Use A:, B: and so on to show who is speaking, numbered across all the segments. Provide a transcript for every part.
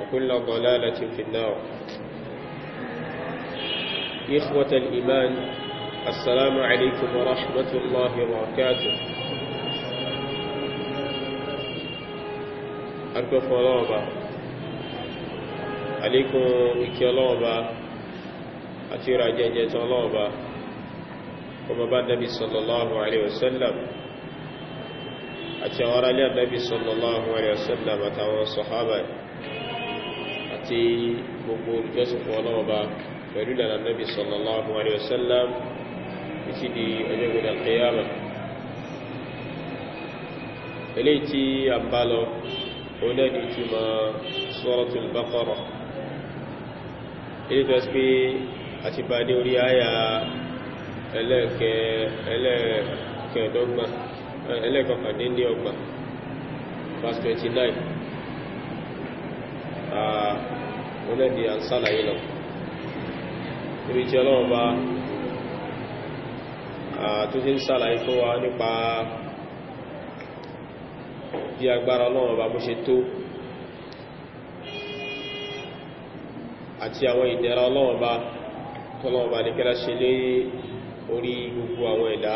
A: وكل ضلالة في النار إخوة الإيمان السلام عليكم ورحمة الله وبركاته أكف الله عليكم إكيالوبة أترى جنجة الله وما بعد النبي صلى الله عليه وسلم أترى النبي صلى الله عليه وسلم أترى الصحابة àti gbogbo olùjọ́sìnkọ́ ọlọ́ọ̀bá pẹ̀lú ìlànà Nabi sallallahu alaihi wasallam títí di ọjọ́ gbogbo al-qiyamah eléyìí tí a bá lọ onílẹ̀ ìtumọ̀ Suratul Baqarah eléyìí tó ṣe pé a ti bá verse 29 ọ̀nà di àṣàlàyé lọ ibi tí ọlọ́run bá tó ti ń ṣàlàyé fún wa nípa bí agbára ọlọ́run bá bó ṣe tó àti àwọn ìdẹ̀ra ọlọ́run bá tọ́lọ́run bá nìkẹ́lá ṣe lé orí gbogbo àwọn ẹ̀dá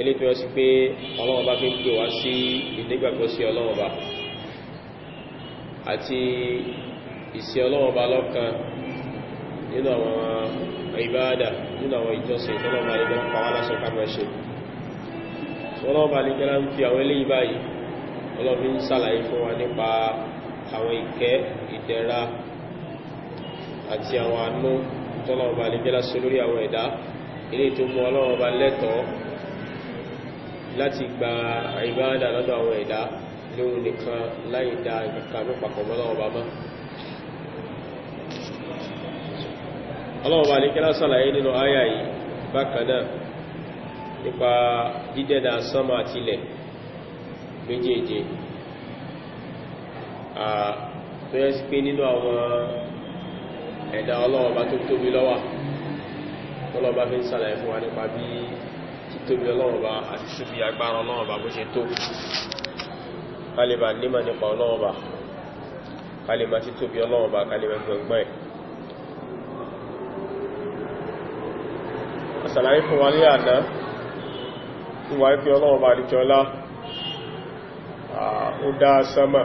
A: elétò yọ sí pé ọlọ́run bá fi ń pè wá sí ìdígbàgbọ́ sí ọlọ́run bá àti ìsìn ọlọ́wọ́ bá lọ́kan nínú àwọn ìbáadà nínú àwọn ìjọsìn tọ́lọ́wọ́ alẹ́gbẹ́ pàwọ́ aláṣẹ kàmọ́ṣe ọlọ́wọ́ alẹ́gbẹ́ ń fi àwọn eléyìí báyìí ọlọ́bí ń sàlàyé fún wa nípa àwọn ìkẹ́ ìdẹ̀ra àti àwọn àánú tọ́lọ́wọ́ alẹ́gbẹ́ lásọ lórí àwọn ẹ̀dá ilé tó mú ọlọ́wọ́ bá lẹ́tọ̀ọ́ láti gba ìbáadà lọ́dọ̀ àwọn ẹ̀dá lóhun nìkan láì dá ìkàkà ní papọ̀ mọ́lọ́ọ̀bá mọ́ ọlọ́ọ̀bá ní kílá sàlàyé nínú àyà yìí bákanáà nípa dídẹ̀dà sánmà àtilẹ̀ méjèèjì tó yẹ́ sí pé nínú àwọn ẹ̀dà ọlọ́ọ̀bá tó tóbi lọ́wà ọlọ́ọ̀bá fi ń sàlàyé fún wa nípa bí títóbi ọlọ́ọ̀bá àti ṣúfi agbára ọlọ́ọ̀bá bó ṣe tó kalima níma nípa ọlọ́ọ̀bà kalima sí tóbi ọlọ́ọ̀bà kalima gbọ̀ngbọ̀n àṣàlàyé fún wa ní àná ìwà ìfẹ́ ọlọ́ọ̀bà àdìjọlá ó dá sánmà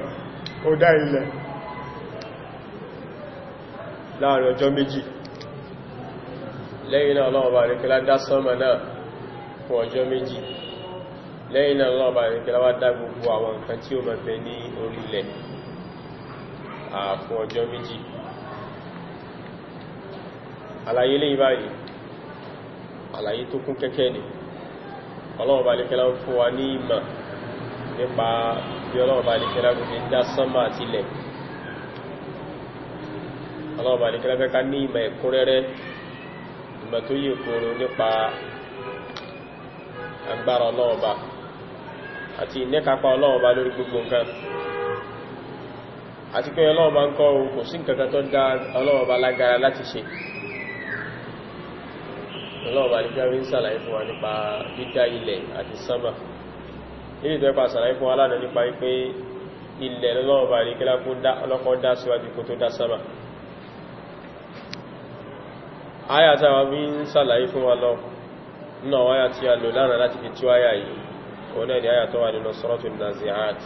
A: ó dá ilẹ̀ láàrin ọjọ́ méjì lẹ́yìn náà ọlọ́ọ̀bà àdìjọlá dá sánmà náà fún ọjọ́ méjì lẹ́yìn náà lọ́wọ́ bá rẹ̀kẹ́ láwá dá gbogbo àwọn nǹkan tí ó máa ní orílẹ̀ àfún ọjọ́ méjì lè báyìí tó kún kẹ́kẹ́ ni ọlọ́wọ́ bá rẹ̀kẹ́ fún wa ní ìmọ̀ nípa bí ọlọ́wọ́ bá rẹ̀kẹ́ láwọ́ dá sánmà àti ilẹ̀ ọlọ́wọ́ bá àti ìnẹ́kapá ọlọ́ọ̀bá lórí gbogbo nǹkan àti pé ọlọ́ọ̀bá ń kọ́ ohun kò sí nǹkan tó dá ọlọ́ọ̀bá lágara láti ṣe ọlọ́ọ̀bá ní kí ń sàlàyé fún wa nípa dídá ilẹ̀ àti sánmà nílì tó ẹpa sàlàyé fún wa lánàá nípa wípé ilẹ̀ lọ́ọ̀bá ní kí lọ́kọ́ dá síwájú kó tó dá sánmà áyà táwa bí ń sàlàyé fún wa lọ náà a lò lánàá láti fi tú áyà yìí ọ̀nà ni àyà tó wà nínú suratul nazi'at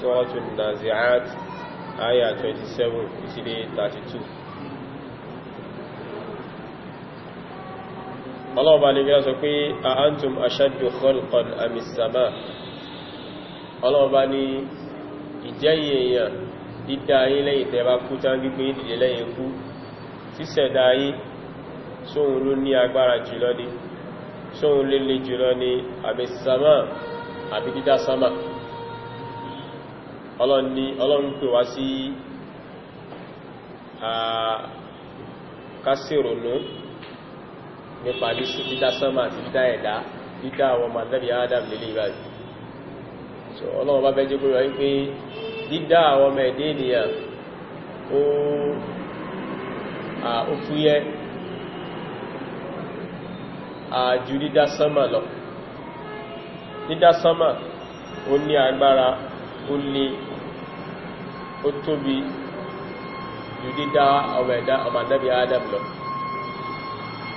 A: suratul nazi'at àyà 27 ìsílé 32 ọlọ́ọ̀bá ni gẹ́ sọ pé a antum ashaddu khalqan amis sama ọlọ́ọ̀bá ni ìjẹ́yìn èèyàn dídá ayé lẹ́yìn tẹ́bá kú tán gbígbé ìdílé lẹ́yìn kú sísẹ̀dá ayé sóhun ló ní agbára jùlọ ni ṣóhun lélẹ̀ jùlọ ni àbí sàmà àbí dídá sàmà ọlọ́run pè wá sí kásìrònú nípa dídá sàmà àti dídá ẹ̀dá dídá àwọn mọ̀lẹ́bí adam ìbáyìí so ọlọ́run bá fẹ́ jẹ́ kóyọ wípé dídá àwọn ọmọ ẹ̀dẹ́ ènìyàn ó fúyẹ́ àjù dídá sánmà lọ dídá sánmà ó ní agbára ó lè ó tóbi jù dídá ọmọ ẹ̀dá ọmọ àdábì adam lọ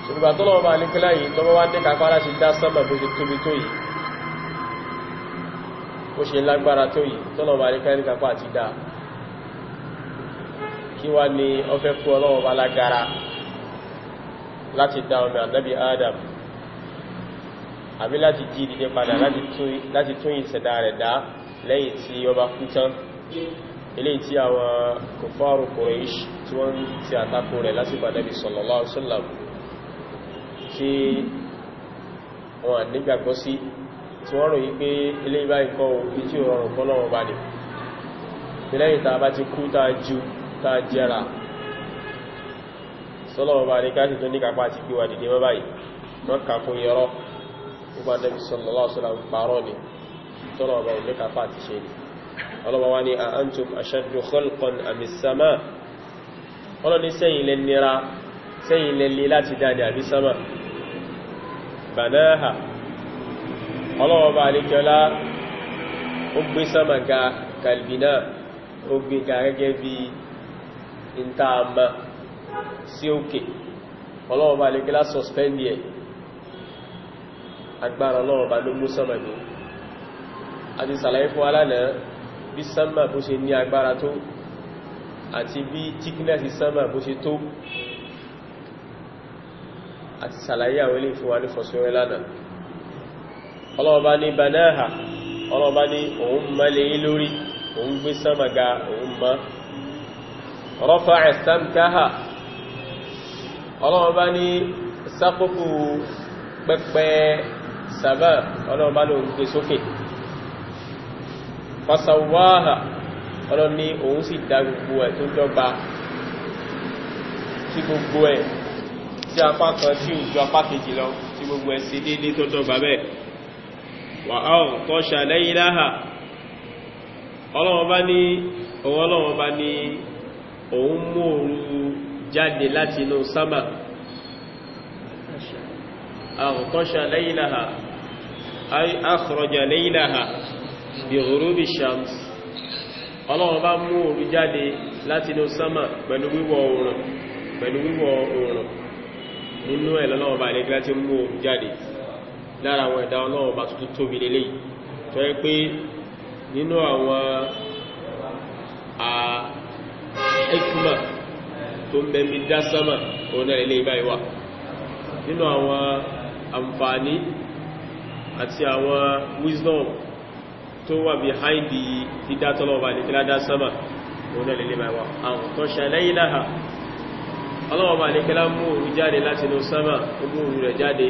A: ṣùgbà tó lọ́wọ́ máa nípínlẹ̀ yìí tọ́wọ́ wá ní kàfàrà sí dá sánmà bó ṣe tóbi tó yìí ó ṣe lágbára tó yìí tọ́lọ̀ máa nípínlẹ̀ nípa àti dáa kí wá ní ọfẹ́ fún ọlọ́wọ́ bá lágara láti dá ọmọ àdábì adam àbí láti jí dìde padà láti tún ìṣẹ̀dá rẹ̀ dá lẹ́yìn tí ó bá kú tán ilé tí àwọn kòfàrù Quraysh tí wọ́n ti àtakò rẹ̀ láti bá Nabi sallallahu alaihi wasallam tí wọ́n nígbàgbọ́ sí tí wọ́n rò yí pé ilé ibá ikọ́ orí tí ó rọrùn kọ́ lọ́wọ́ bá ní lẹ́yìn tàà bá ti kú tàà ju tàà jẹrà sọ́lọ́wọ́ bá ní káàkiri tó ní kápá àti gbíwà dìde mọ́ báyìí mọ́ kàkún yẹrọ gbogbo anẹ́bí sallallahu alaihi wasallam parọ́ ni tọ́rọ ọba ilé kafà ti ṣe ni ọlọ́wọ́ wá ní a antum ashaddu khalqan amis sama ọlọ́ni sẹ́yìn lẹ nira sẹ́yìn lẹ lè láti dáadé agbára ọlọ́run bá ló mú sánmà ní àti sàlàyé fún alánà bí sánmà bó ṣe ní agbára tó àti bí tíkínẹ̀sì sánmà bó ṣe tó àti sàlàyé àwọn ilé fún wa ní fọ̀sọ́rẹ́ lánà ọlọ́run bá ní banáhà ọlọ́run ní òun mọ́lẹ̀ lórí òun gbé sánmà ga òun mọ́ rọ́fà ẹ̀sántáhà ọlọ́run ní sákòókò pẹ́pẹ́ sàmà ọlọ́run bá ló ń gbé sókè fasawaha ọlọ́run ní òun sì dá gbogbo tí gbogbo ẹ̀ tí apá kan tí ò ju apá kejì lọ tí gbogbo ẹ̀ si bá ní òun ọlọ́run bá ní òun mú jáde láti inú أغطش ليلها أي أخرج ليلها بغروب الشمس ọlọ́run bá mú òru jáde láti inú sánmà pẹ̀lú wíwọ̀ oòrùn pẹ̀lú wíwọ̀ oòrùn nínú ẹ̀ lọ́lọ́run bá mú jáde lára àwọn ẹ̀dá ọlọ́run bá tuntun tóbi lélẹ̀ tó yẹ pé nínú àwọn tó ń dá òun náà àǹfààní àti àwọn wisdom tó wà behind the dídátọ́lọ́wà ní kíládá sámà òun náà lè báyíwá àwọn tó ṣẹlẹ̀ ìlàhà ọlọ́wọ̀bà ní kílá mú òru jáde láti inú sámà ó mú rẹ̀ jáde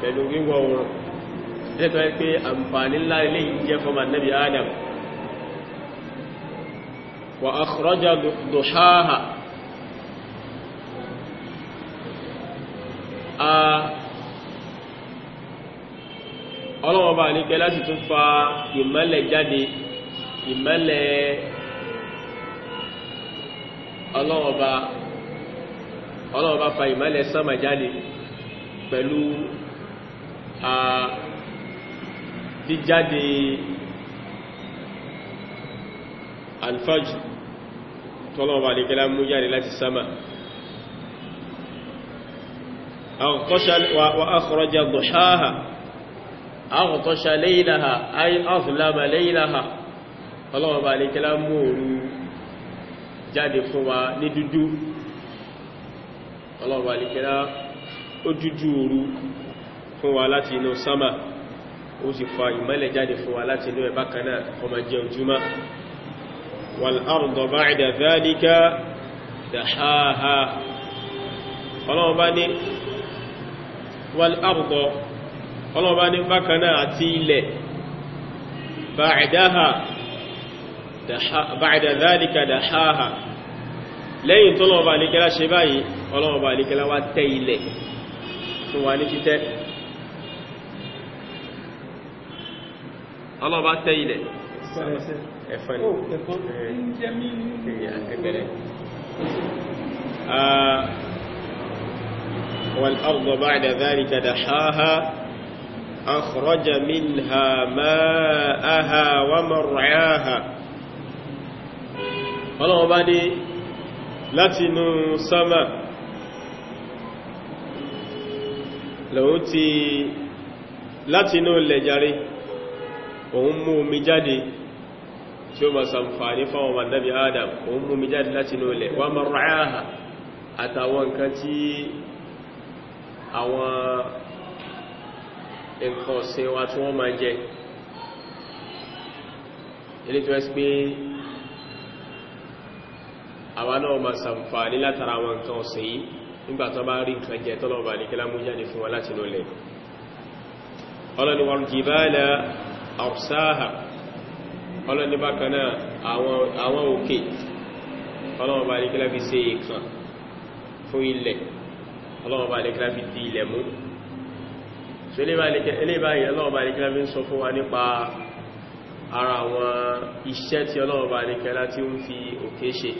A: pẹ̀lú wíwọ̀ oòrùn nípa ọlọ́wọ́ bá ní kẹ́ láti tún fa ìmọ́lẹ̀ jáde ìmọ́lẹ̀ ọlọ́wọ́ bá ọlọ́wọ́ bá fa ìmọ́lẹ̀ sánmà jáde pẹ̀lú a jíjáde alfajì tọ́lọ́wọ́ bá ní kẹ́ láti mú jáde láti sánmà أغطش وأخرج ضحاها àwọ̀tọ́ṣà lẹ́yìnláha ayi afúlámà lẹ́yìnláha ọlọ́wọ́ bá lè kílá mú òru jáde fún wa ní dúdú ọlọ́wọ́ bá lè kílá ó dúdú òru fún wa láti inú sámà ó sì fa ìmọ́lẹ̀ jáde fún wa láti inú ẹ̀bá kaná ọmọ jẹ ojúmá wàl'arùdọ̀ bá ìdà záàdíká dàháhá ọlọ́wọ́ bá ní wàl'arùdọ̀ ọlọ́ọ̀bá ní bákanáà àti ilẹ̀ ba'da dhalika dahaha lẹ́yìn tó lọ́ọ̀bá alékẹ́lá ṣe báyìí ọlọ́ọ̀bá alékẹ́lá wá tẹ́ ilẹ̀ fún wa ní títẹ́ ọlọ́ọ̀bá tẹ́ ilẹ̀ ẹ̀fọn ẹ̀gbẹ̀rẹ̀ wal arda ba'da dhalika dahaha أخرج منها ماءها ومرعاها ọlọ́wọ́ bá ní látinú sánmà lòun ti látinú lẹ̀járe òun mú omi jáde tí ó ma sàmfàní fáwọn mandabi adam òun mú omi jáde látinú lẹ̀ wà mar'aha àtàwọn nǹkan tí àwọn nǹkan ọ̀sìn wa tí wọ́n máa jẹ ilé tó ẹ́sì pé àwa náà máa sàǹfààní látara àwọn nǹkan ọ̀sìn yìí nígbà tó bá rí nǹkan jẹ tọ́lọ̀ bá nìkẹ́lá mú jáde fún wa láti lọlẹ̀ ọlọ́ni wọn jìbálà àwọ̀sáhà ọlọ́ni bákanáà àwọn òkè ọlọ́wọ́ bá nìkẹ́lá fi ṣe ìkan fún ilẹ̀ ọlọ́wọ́ bá nìkẹ́lá fi di ilẹ̀ mú so eléyìí ọlọ́ọ̀bá àríkẹ́lá fi ń sọ fún wa nípa ara àwọn iṣẹ́ tí ọlọ́ọ̀bá àríkẹ́lá tí ó ń fi òkè ṣe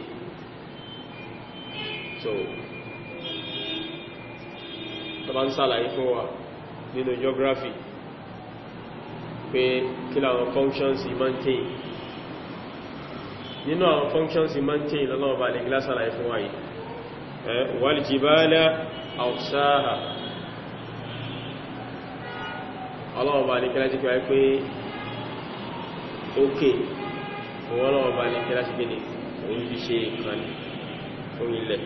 A: so tó bá ń sàlàyé fún wa nínú geography pé kí láwọn functions mountain nínú àwọn functions mountain lọ́lọ́ọ̀bá àríkẹ́lá sàlàyé fún wa yìí wal jibala awsaha ọlọ́ọ̀bà alékẹ́lá ti pẹ́ pé ókè òun ọlọ́ọ̀bà alékẹ́lá ti gbẹ̀lẹ̀ òun fi ṣe ìkànnì orílẹ̀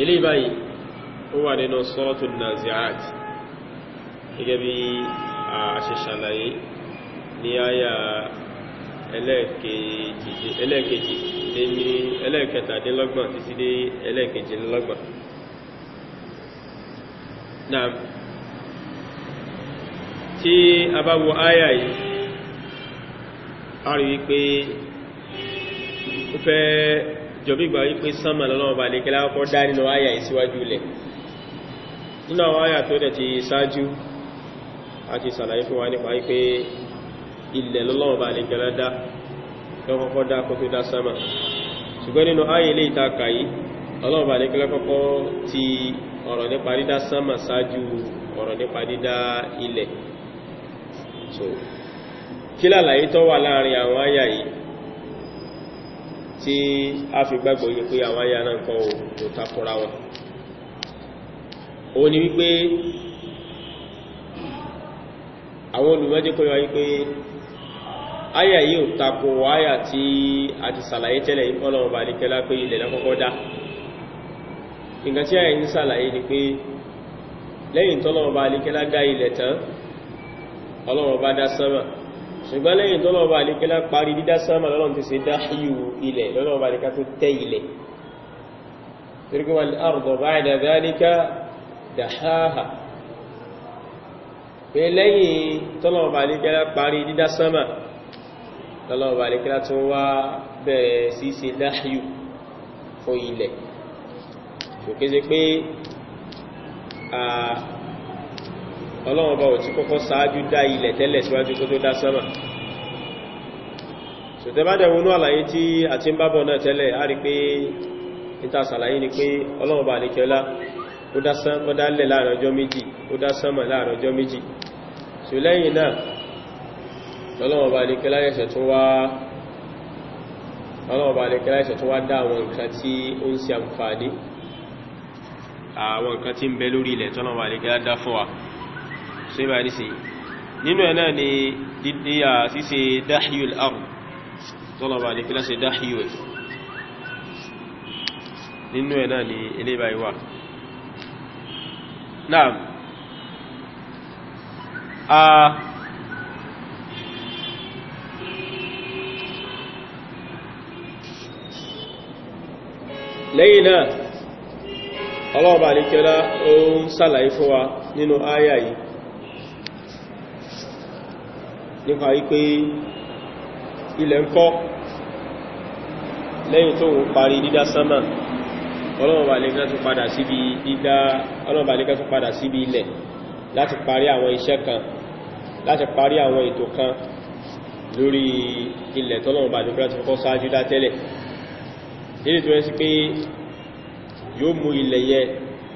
A: ilé báyìí ó wà nínú sọ́ọ̀tù naziat gẹ́gẹ́ bí a ní àyà ẹlẹ́ẹ̀kejì ẹlẹ́ẹ̀kẹtàdínlọ́gbọ̀n títí dé ẹlẹ́ẹ̀kejìlélọ́gbọ̀n tí a bá wo àyà yìí a rí wípé ó fẹ́ jọbí gbà wípé sánmà lọ́nà ọba lè kẹ́lá ọkọ̀ dá nínú àyà yìí síwájú lẹ̀ nínú àwọn tó dẹ̀ ti ṣáájú a ti sàlàyé fún wa nípa wípé ilẹ̀ lọ́nà ọba lè kẹ́lá dá dá dá sánmà nínú so kí lálàyé tó wà láàrin àwọn tí a fi gbàgbọ́ yìí pé àwọn àyà náà kọ́ ò takora wọn O ni wípé àwọn olùmọ́jẹ́ kọ́ yọ wípé àyà yìí ò tí a ti sàlàyé tẹ́lẹ̀ ìfọ́lọ́wọ́ bá kẹ́lá pé ilẹ̀ yìí ọlọ́run bá dá sánmà ṣùgbọ́n lẹ́yìn tó lọ́wọ́ àlékẹ́lá parí dídá sánmà lọ́lọ́run ti ṣe dáhíù ilẹ̀ lọ́lọ́run bá àlékẹ́ tó tẹ́ ilẹ̀ torípé wà lárùgbọ̀ bá ìdá dáríká dáháhà pé lẹ́yìn tó lọ́wọ́ àlékẹ́lá parí dídá sánmà lọ́lọ́run àlékẹ́lá ṣe dáhíù fún ilẹ̀ ṣòkéṣe pé ọlọ́run ọba ò ti kọ́kọ́ sáájú dá ilẹ̀ tẹ́lẹ̀ síwájú kó tó dá sánmà ṣùtẹ́bádẹ̀wọnú àlàyé tí a ti ń bábọ̀ náà tẹ́lẹ̀ a rí pé ìtàṣàlàyé ni pé ọlọ́run ọba àlekẹ́lá ó dá lẹ̀ láàrin ọjọ́ méjì ó dá sánmà láàrin ọjọ́ méjì ṣù lẹ́yìn náà ọlọ́run ọba àlekẹ́lá ẹ̀ṣẹ̀ tó wá ọlọ́run ọba àlekẹ́lá ẹ̀ṣẹ̀ tó wá dá àwọn nǹkan tí ó ń ṣe àǹfààní àwọn nǹkan tí ń bẹ lórí ilẹ̀ tọ́lọ́run ọba àlekẹ́lá dá fún wa so yíba nísìn nínú ẹ̀ náà ni dídí à ṣíṣe dáhíul arm tọ́lọ̀bà ní kí láṣe dáhíul nínú ẹ̀ náà ni ilé ìbá ìwà náà a lẹ́yìn náà ọlọ́ọ̀bà ní kí ó sàlàyé fún wa nínú áyà nípa wípé ilẹ̀ ń fọ́ lẹ́yìn tó ń parí dídá sánmà ọlọ́ọ̀bà lẹ́gbẹ́ tó padà síbi dídá ọlọ́ọ̀bà lẹ́gbẹ́ tó padà síbi ilẹ̀ láti parí àwọn iṣẹ́ kan láti parí àwọn ètò kan lórí ilẹ̀ tọ́lọ̀ọ̀bà lẹ́gbẹ́ tó kọ́ sáájú dá tẹ́lẹ̀ nílé tó rẹ̀ sí pé yóò mú ilẹ̀ yẹ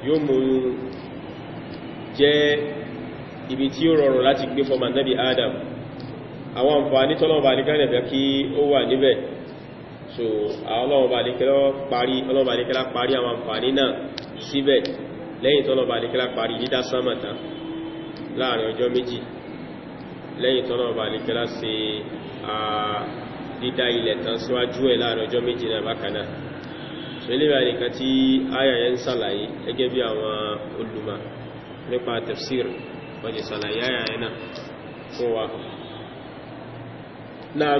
A: yóò mú jẹ́ ibi tí ó rọrùn láti gbé fọ́mà nábi Adam àwọn àǹfààní tọ́lọ́ọ̀bà ní kẹ́lẹ̀ fẹ́ kí ó wà níbẹ̀ so ọlọ́ọ̀bà ní kẹ́lá parí àwọn àǹfààní náà síbẹ̀ lẹ́yìn tọ́lọ́ọ̀bà ní kẹ́lá parí dídá sánmàtà láàrin ọjọ́ méjì lẹ́yìn tọ́lọ́ọ̀bà ní kẹ́lá ṣe dídá ilẹ̀ tán síwájú ẹ̀ láàrin ọjọ́ méjì náà bákan náà so ilé ìwà nìkan tí tafsir wọ́n ti sàlàyé àyà yẹn fún wa náà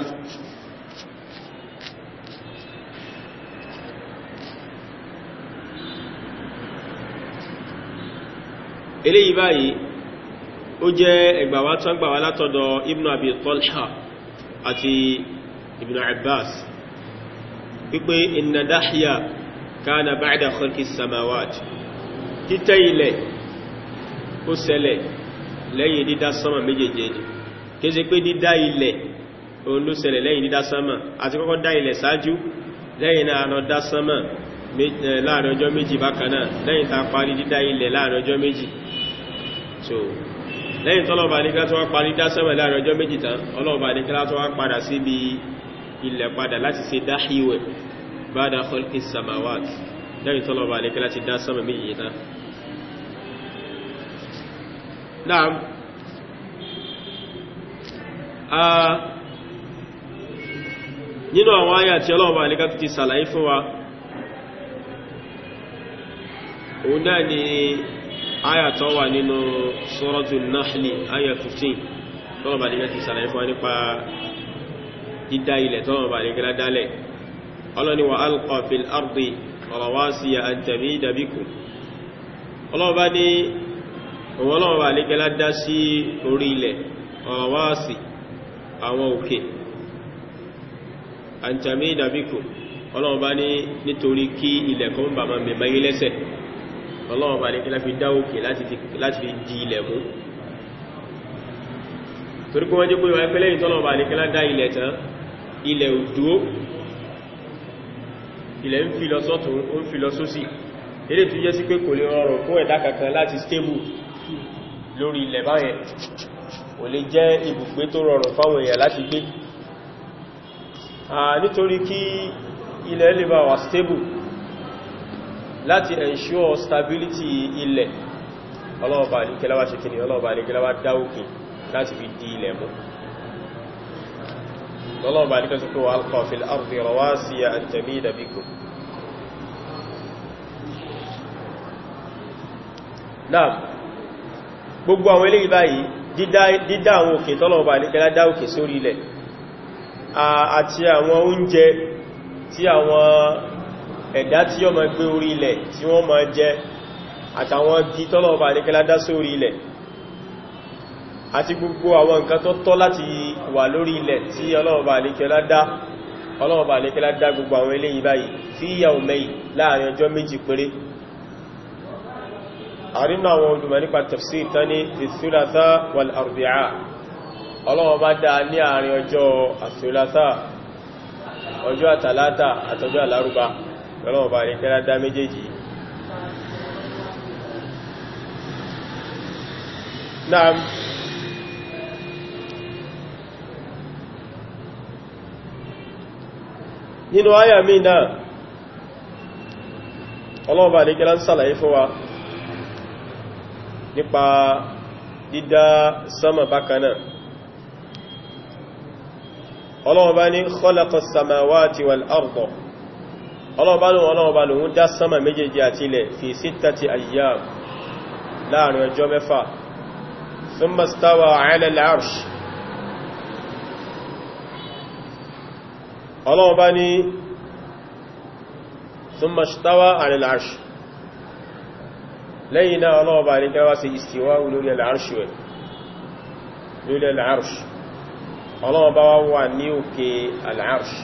A: eléyìí báyìí ó jẹ́ ẹgbàwá tán gbàwá látọ̀dọ̀ ibnu abi talha àti ibnu abbas wípé inna dahya kana ba'da khalqi samawat títẹ́ ilẹ̀ ó ṣẹlẹ̀ lẹ́yìn dídá sánmà méjèèjì ni kése pé dídá ilẹ̀ òun ló ṣẹlẹ̀ lẹ́yìn dídá sánmà àti kọ́kọ́ dá ilẹ̀ sáájú lẹ́yìn náà lọ dá sánmà láàrin ọjọ́ méjì bákan náà lẹ́yìn tá parí dídá ilẹ̀ láàrin ọjọ́ méjì so lẹ́yìn tọ́lọ́ba ní kíláṣọ́ wá parí dá sánmà láàrin ọjọ́ méjì tán ọlọ́ba ní kíláṣọ́ wá padà síbi ilẹ̀ padà láti ṣe dáhíwẹ̀ bada khalqi samawat lẹ́yìn tọ́lọ́ba ní kíláṣọ́ dá sánmà méjì tán náà nínú àwọn ayà tí ọlọ́ọ̀bá alẹ́ká tó ti sàlàyé fún wa òun náà ni ayà tó wà nínú Suratul Nahli ayà 15 tọ́lọ̀bá alẹ́ká ti sàlàyé fún wa nípa dídá ilẹ̀ tọ́lọ̀bá alẹ́ká dálẹ̀ ọlọ́ni wa alqa àwọn òkè àǹtàmí ìdàbíkò ọlọ́run ní nítorí kí ilẹ̀ bà máa mẹ́mẹ́ yí lẹ́sẹ̀ ọlọ́run ní dá di ilẹ̀ mu torí kí wọ́n jẹ́ pé wáyé pẹ́lẹ́ kankan stable lórí ilẹ̀ kò lè jẹ́ ibùgbé tó rọrùn fáwọn èèyàn láti gbé nítorí kí ilẹ̀ lè bá wà stable láti ensure stability ilẹ̀ ọlọ́ọ̀bà alìkẹlẹ́wà ṣe kìnnì ọlọ́ọ̀bà alìkẹlẹ́wà dáwòkè láti fi di ilẹ̀ mú ọlọ́ọ̀bà alìkẹ́ sọ pé wà alqa fil ardi rawasiya an tamida bikum náà gbogbo àwọn eléyìí báyìí dídá àwọn òkè tọ́lọ̀ọ̀bà alìkẹlẹ́ dáwòkè sórí ilẹ̀ àti àwọn oúnjẹ tí àwọn ẹ̀dá tí yọ́ ma gbé orí ilẹ̀ tí wọ́n ma jẹ àtàwọn bí tọ́lọ̀ọ̀bà àdékẹ́lá dá sórí ilẹ̀ àti gbogbo àwọn nǹkan tó tọ́ láti wà lórí ilẹ̀ tí ọlọ́ọ̀bà àdékẹ́lá dá gbogbo àwọn eléyìí báyìí fi yàwó mẹ́yì láàrin ọjọ́ méjì péré àrínà àwọn olùmọ̀ nípa tafsir tán ní ìsúlátá wal arbi'a ọlọ́wọ́n bá dáa ní àárín ọjọ́ àṣòlátà ọjọ́ àtàlátà àtọjọ́ àlárúbá lọ́wọ́n bá rí kẹ́lá dá méjèèjì náà nínú àyà mí náà ọlọ́wọ́n bá rí kẹ́lá ń sàlàyé fún wa nípa dídá sánmà bákanáà ọlọ́ọ̀bá ní khalaqa samawati wal arda ọlọ́ọ̀bá lóhun ọlọ́ọ̀bá lóhun dá sánmà méjèèjì àti ilẹ̀ fi sittati ayyam láàrin ọjọ́ mẹ́fà thumma stawa ala al-arsh ọlọ́ọ̀bá ní thumma stawa ala al-arsh lẹ́yìn náà ọlọ́ọ̀bá ní kẹwàá lórí al ọlọ́wọ́ bá wà ní òkè al-arsh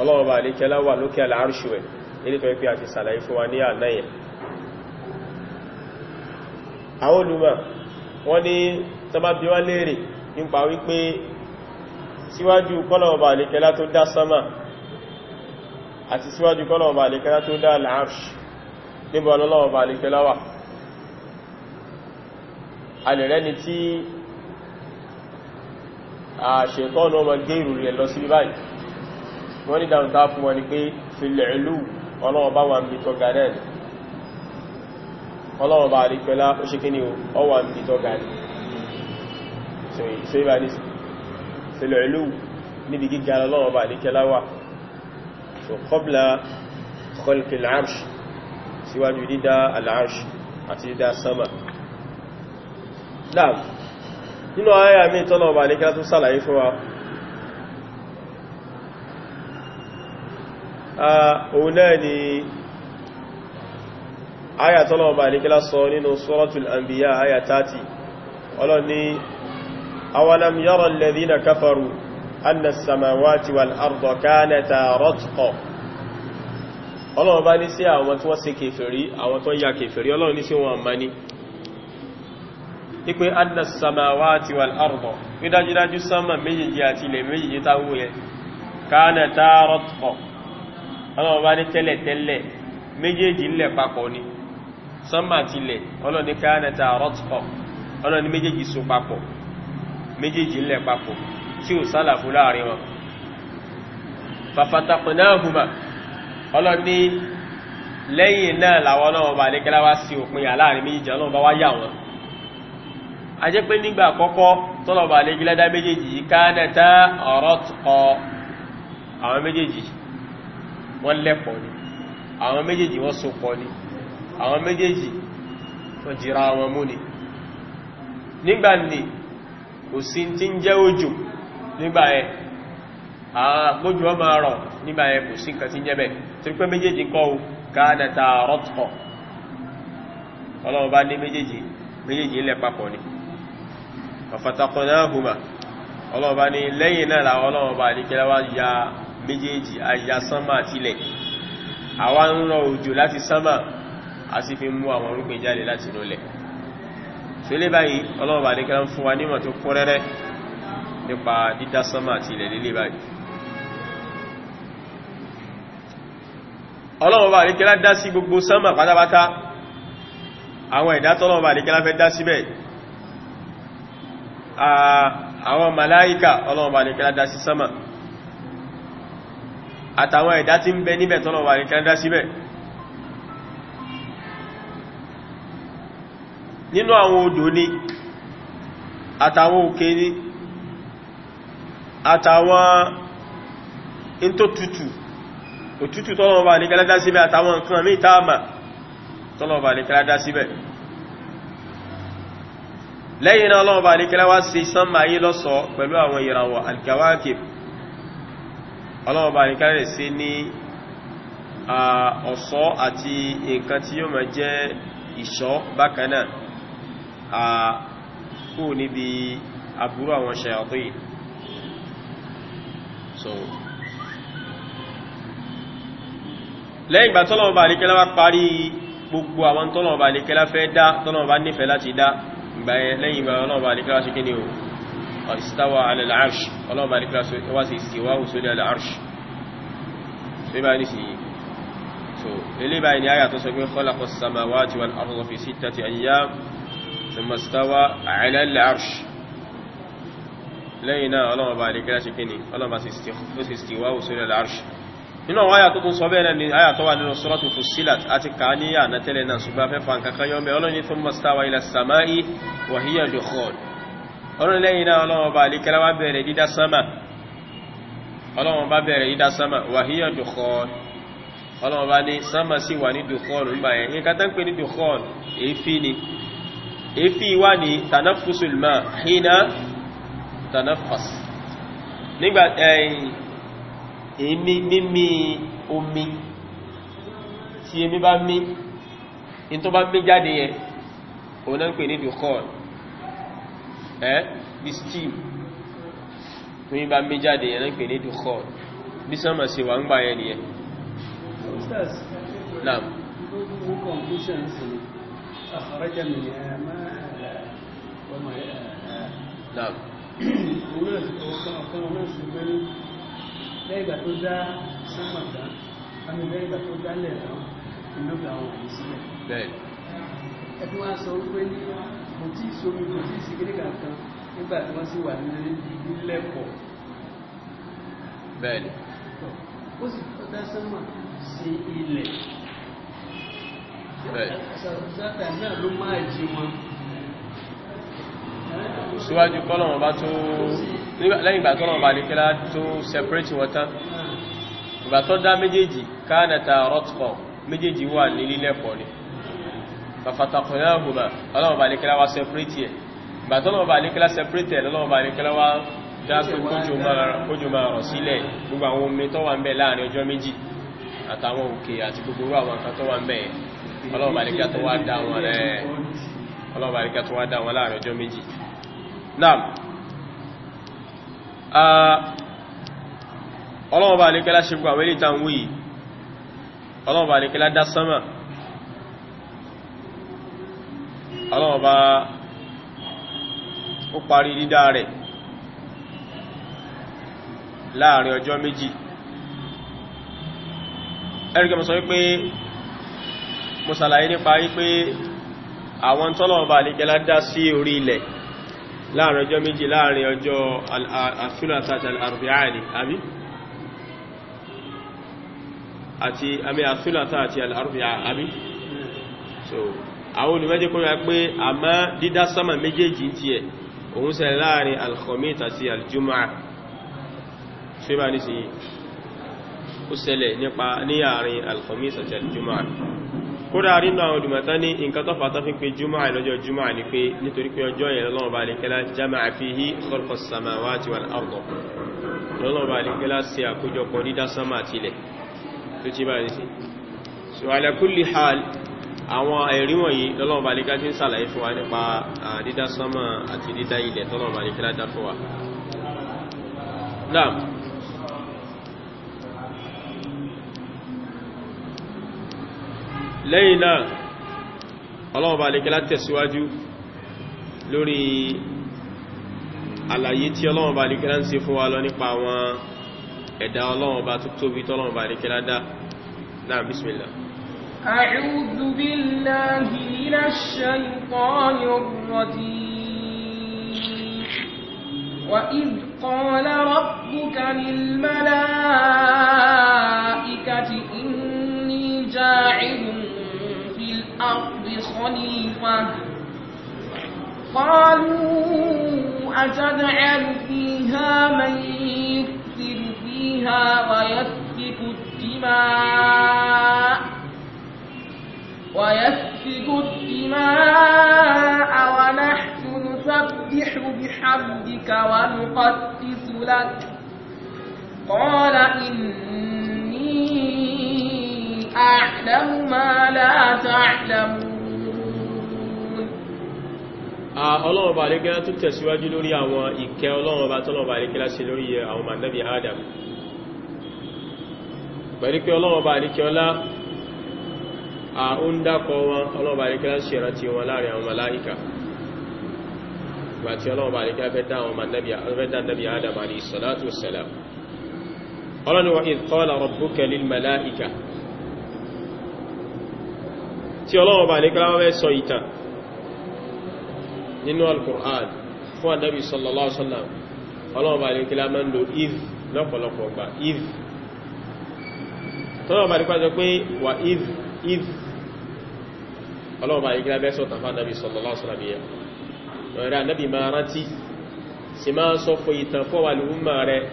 A: ọlọ́wọ́ bá lè kẹlá wà lókè al-arsh ẹ̀ nílùfẹ́ pé a ti sàlàyé fún wa ní ànáyẹ̀ àwọn olùmọ̀ wọ́n ní tọba bí wọ́n léèrè nípa wípé síwájú kọ́lọ̀ọ̀bà àlékẹ́lá tó dá sánmà àti síwájú kọ́lọ̀ọ̀bà àṣẹ̀tọ́nù ọmọ gé ìrù rẹ̀ lọ sí báyìí wọ́n ní dáhùn tá fún wọn ni pé filẹ̀ ìlú ọlọ́ọ̀bá wà ní tọ́gà náà ọlọ́ọ̀bá àríkọlá ó ṣe kíni ọ wà ní tọ́gà ní filẹ̀ ìlú níbi gíga ọlọ́ọ̀bá àríkọlá wà qabla khalqi láàrín nínú ayá mi tọ́nà ọba ní kíra tó sàlàyé fún wa òun náà ni ayá tọ́nà ọba ní kíra sọ nínú suratul anbiya ayá 30 ọlọ́ni awalam yara alladhina kafaru anna as-samawati wal arda kanata ratqa ọlọ́run bá ní sí àwọn tí wọ́n ṣe kèfèrí àwọn tó ya kèfèrí ọlọ́run ní sí wọn àmà ipe anna samawati wal ardo ní dájúdájú sánmà méjèèjì àti ilẹ̀ méjèèjì táwó yẹ káàna tààrọ̀tọ̀ ọlọ́run bá ní tẹ́lẹ̀tẹ́lẹ̀ méjèèjì ńlẹ̀ papọ̀ ni sánmà àti ilẹ̀ ọlọ́run ní káàna tààrọ̀tọ̀ ọlọ́run ní méjèèjì so papọ̀ méjèèjì ńlẹ̀ papọ̀ tí ò sálàfú láàrin wọn fàfàtàkùnáhùmá ọlọ́run ní lẹ́yìn náà làwọn ọlọ́run bá ní wá sí òpin àláàrin méjèèjì ọlọ́run bá wá yà wọn ajẹ́ pé nígbà àkọ́kọ́ tọ́lọ̀bà lè gílẹ́dá méjèèjì yìí káánẹ̀tá ọ̀rọ̀ tukọ àwọn méjèèjì wọ́n lẹ́pọ̀ ni àwọn méjèèjì wọ́n sopọ̀ ni àwọn méjèèjì wọ́n jìra wọn mú ni nígbà ní kò sí tí ń jẹ́ òjò nígbà ẹ àgbójú ọmọ rọ̀ nígbà ẹ kò sí nǹkan jẹ́ bẹ́ẹ̀ méjèèjì kọ́ ni fafataqnahuma ọlọ́ọ̀bá ní lẹ́yìn náà làwọn ọlọ́ọ̀bá àdíkẹ́lá wá ya méjèèjì àyà sánmà àtilẹ̀ àwa ń rọ òjò láti sánmà a sì fi mú àwọn orúgbìn jáde láti nulẹ̀ ṣẹlẹ̀ báyìí ọlọ́ọ̀bá àdíkẹ́lá ń fún wa nímọ̀ tó kún rẹ́rẹ́ nípa dídá sánmà àtilẹ̀ lílé báyìí ọlọ́ọ̀bá àdíkẹ́lá dá sí gbogbo àwọn ìdátọ́lọ́ọ̀bá àdíkẹ́lá fẹ́ dá síbẹ̀ àwọn màláíkà ọla ní kẹ́lá sí àtàwọn ẹ̀dá tí ń bẹ níbẹ̀ tọ́lọ̀bà ní kẹ́lá dá nínú àwọn odò ni àtàwọn òkè ni àtàwọn ìntò òtútù tọ́lọ̀bà ní kẹ́lá dá bẹ̀ àtàwọn nǹkan mí tààmà tọ́lọ̀bà ní lẹ́yìn náà lọ́wọ́ bá níkẹ́lá wá sí sánmà yí lọ́sọ̀ pẹ̀lú àwọn ìràwọ̀ alkawakib ọlọ́wọ́ bá níkẹ́lá rẹ̀ sí ní ọ̀ṣọ́ àti nǹkan tí yóò máa jẹ́ ìṣọ́ bákan so lẹ́yìn ìgbà tọ́lọ́wọ́ bá níkẹ́lá wá parí gbogbo àwọn tọ́lọ́wọ́ bá níkẹ́lá fẹ́ dá tọ́lọ́wọ́ nífẹ̀ẹ́ láti dá lẹ́yìn ìgbà ọlọ́ọ̀bà àdíkà ṣe kí ni o istawa ala al-arsh ọlọ́ọ̀bà àdíkà wá sí ìsìwá òsòlì al-arsh ṣe bá ní sí so ilé báyìí ni àyà tó sọ pé khalaqa as-samawati wal-arda fi sittati ayyam thumma istawa ala nínú àwọn àyà tó tún sọ bẹ́ẹ̀ ni àyà tó wà nínú suratu Fussilat àti kàá ní àná tẹ́lẹ̀ náà ṣùgbọ́n afẹ́fà kankan yọ mẹ́ ọlọ́ni thumma stawa ila samai wa hiya dukhun ọlọ́ni lẹ́yìn náà ọlọ́wọ́n bá alikẹ́lá wá bẹ̀rẹ̀ dídá sánmà ọlọ́wọ́n bá bẹ̀rẹ̀ dídá sánmà wa hiya dukhun ọlọ́wọ́n èémí mímí omi tí èémí bá mí in tó bá mí jáde yẹn òun náà ń pè ní dùkọ́ọ̀n ẹ́ bí steam tó yí bá mí jáde yẹn náà ń pè ní dùkọ́ọ̀n bí sánmà sí wà ń gbà yẹn nìyẹn naam
B: naam lẹ́yìn ìgbà tó dá sánmà dá àmì lẹ́yìn ìgbà tó dá lẹ̀ náà inú gba àwọn òní sílẹ̀. bẹ́ẹ̀. ẹ tí wọ́n á sọ wípé ní kò tí ì sómi kò tí ì sí kéde kankan nígbà
A: tí wọ́n sì wà nílẹ̀ pọ̀. bẹ́ẹ̀ ni.
B: ó sì dá sánmà
A: sí ilẹ̀. bẹ́ẹ̀. sátà náà ló máa jí wọn. síwájú kọ́lọ̀ wọn bá tó lẹ́yìn ìgbà tọ́nà ọba àdékẹ́lá tó separate wọn tán ìgbà tó dá méjèèjì káàdàtà rotford méjèèjì wà ní lílẹ́pọ̀ ni fàfàtàkùnláhùmá ọlọ́run ọba àdékẹ́lá wá separate ẹ̀ ìgbà tọ́nà ọba àdékẹ́lá separate ẹ̀ lọ́nà ọba àdékẹ́lá wá dá pé kójò máa rọ̀ sílẹ̀ gbogbo àwọn omi tó wà ń bẹ láàrin ọjọ́ méjì àtàwọn òkè àti gbogbo àwọn nǹkan tó wà ń bẹ ọlọ́run ọba àdékẹ́lá tó wá dá wọn láàrin ọjọ́ méjì náà ọlọ́wọ́ bá alékẹ́lá ṣe gbà wẹ́lẹ̀ tàn wúyì ọlọ́wọ́ bá alékẹ́lá dá sánmà ọlọ́wọ́ bá ó parí dídá rẹ̀ láàrin ọjọ́ méjì ẹ̀rìkẹ́ mọ̀ sọ wípé mo sàlàyé nípa wípé àwọn tọ́lọ̀ọ̀bà alékẹ́lá dá sí orí ilẹ̀ láàrin ọjọ́ méjì láàrin ọjọ́ asúlàtàtà al'arbi'ani àbí àti àmì asúlàtà àti al'arbi'a àbí so àwọn olùmẹ́jẹ́ kọ́ ya pé àmá dídá sámà méjèèjì tí ẹ òun ṣe láàrin alkhomit àti aljumaa ṣe bá ní sí ó ṣẹlẹ̀ nípa ní àárín alkhomit àti aljumaa kódà rínú àwọn olùmọ̀tá ní nǹkan tó fàtán fi pé jùmọ́ àìlọ́jọ́ jùmọ́ ní pé nítorí pé ọjọ́ yẹn lọ́wọ́ bá lè kẹ́lá jama'a fihi khalqa samawati wal ardh lọ́wọ́ bá lè sí àkójọpọ̀ lẹ́yìn náà ọlọ́ọ̀bá alẹ́kẹ́lá tẹ̀síwájú lórí àlàyé tí ọlọ́ọ̀bá alẹ́kẹ́lá ń ṣe fún wa lọ nípa àwọn ẹ̀dá ọlọ́ọ̀bá tó tóbi tọ́lọ́ọ̀bá alẹ́kẹ́lá dá náà bismillah
B: أعوذ بالله من الشيطان الرجيم وإذ قال ربك للملائكة إني جاعل الأرض خليفة قالوا أتجعل فيها من يفسد فيها ويسفك الدماء ويسفك الدماء ونحن نسبح بحمدك ونقدس لك قال إني أعلم ما لا تعلم.
A: Ọlọ́run bá lékẹ́lá tó tẹ̀síwájú lórí àwọn ìkẹ́ Ọlọ́run bá tọ́lọ́run bá lékẹ́lá sí lórí àwọn mànàbí Adam. Pẹ̀lú pé Ọlọ́run bá lékẹ́lá a ń dákọ wọn Ọlọ́run bá lékẹ́lá sí ẹ̀rántí wọn láàrin àwọn màláíkà tí ọlọ́wọ́ bá nípa wọ́n sọ ìtàn nínú al-Qur'an fún ànábì sallallahu alaihi wasallam ọlọ́wọ́ bá nípa máa ń lo if lọ́pọ̀lọpọ̀ gbà if tọ́lọ́wọ́ bá nípa jọ pé wà if if ọlọ́wọ́ bá nípa bẹ́ sọ̀tàn fún ànábì sallallahu alaihi wasallam yẹn ọ̀rẹ́ ànábì máa rántí sì máa sọ fún ìtàn fún wà lùmọ̀ rẹ̀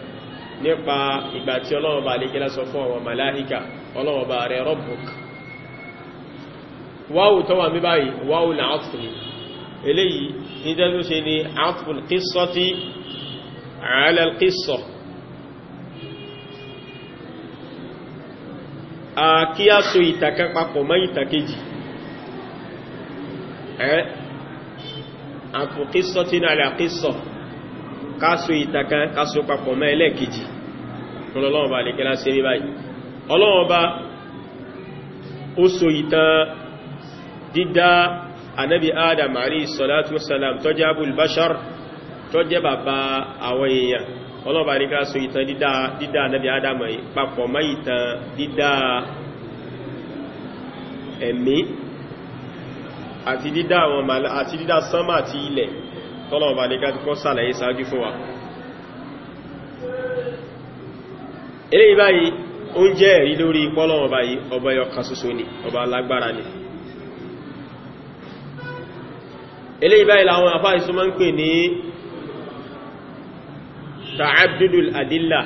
A: nípa wáwù tó wà mí báyìí wáwù là áàtùfù ni eléyìí ìdẹ́lú ṣe ni áàtùfù kìsọ́ tí ààlẹ́ kìsọ́ kí a so ìtàkà papọ̀ mọ́ ìtàkejì ẹ́ àtùfù kìsọ́ tí ní àlẹ́ kìsọ́ ká so ìtàkà ká so papọ̀ mọ́ ẹlẹ́kejì ọlọ́wọ́n ba ó so ìtàn dídá anabi adam alayhi salatu wasalam tó jẹ́ abul bashar tó jẹ́ bàbá àwọn èèyàn ọlọ́bà ní ká so ìtàn dídá dídá anabi adam papọ̀ mọ́ ìtàn dídá ẹ̀mí àti dídá àwọn màlá àti dídá sánmà àti ilẹ̀ tọ́lọ̀ọ̀bà ní ká kọ́ sàlàyé sáájú fún wa eléyìí báyìí ó ń jẹ́ ẹ̀rí lórí yìí ọba ẹyọ kan ni ọba alágbára ni eléyìí báyìí làwọn àfá ìsúnmọ́ ń pè ní ta'addudu al-adilla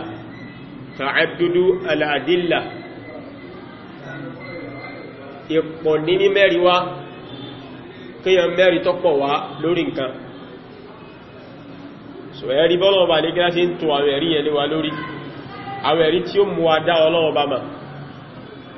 A: ta'addudu al-adilla
B: ìpọ̀ níní mẹ́rin wá
A: kíyàn mẹ́rin tọ́pọ̀ wá lórí nǹkan so ẹ̀rí bọ́lọ̀ ọba ní gíláṣí ń tó àwọn yẹn ní wa lórí àwọn tí ó mú wa dá ọlọ́ọ̀bá máa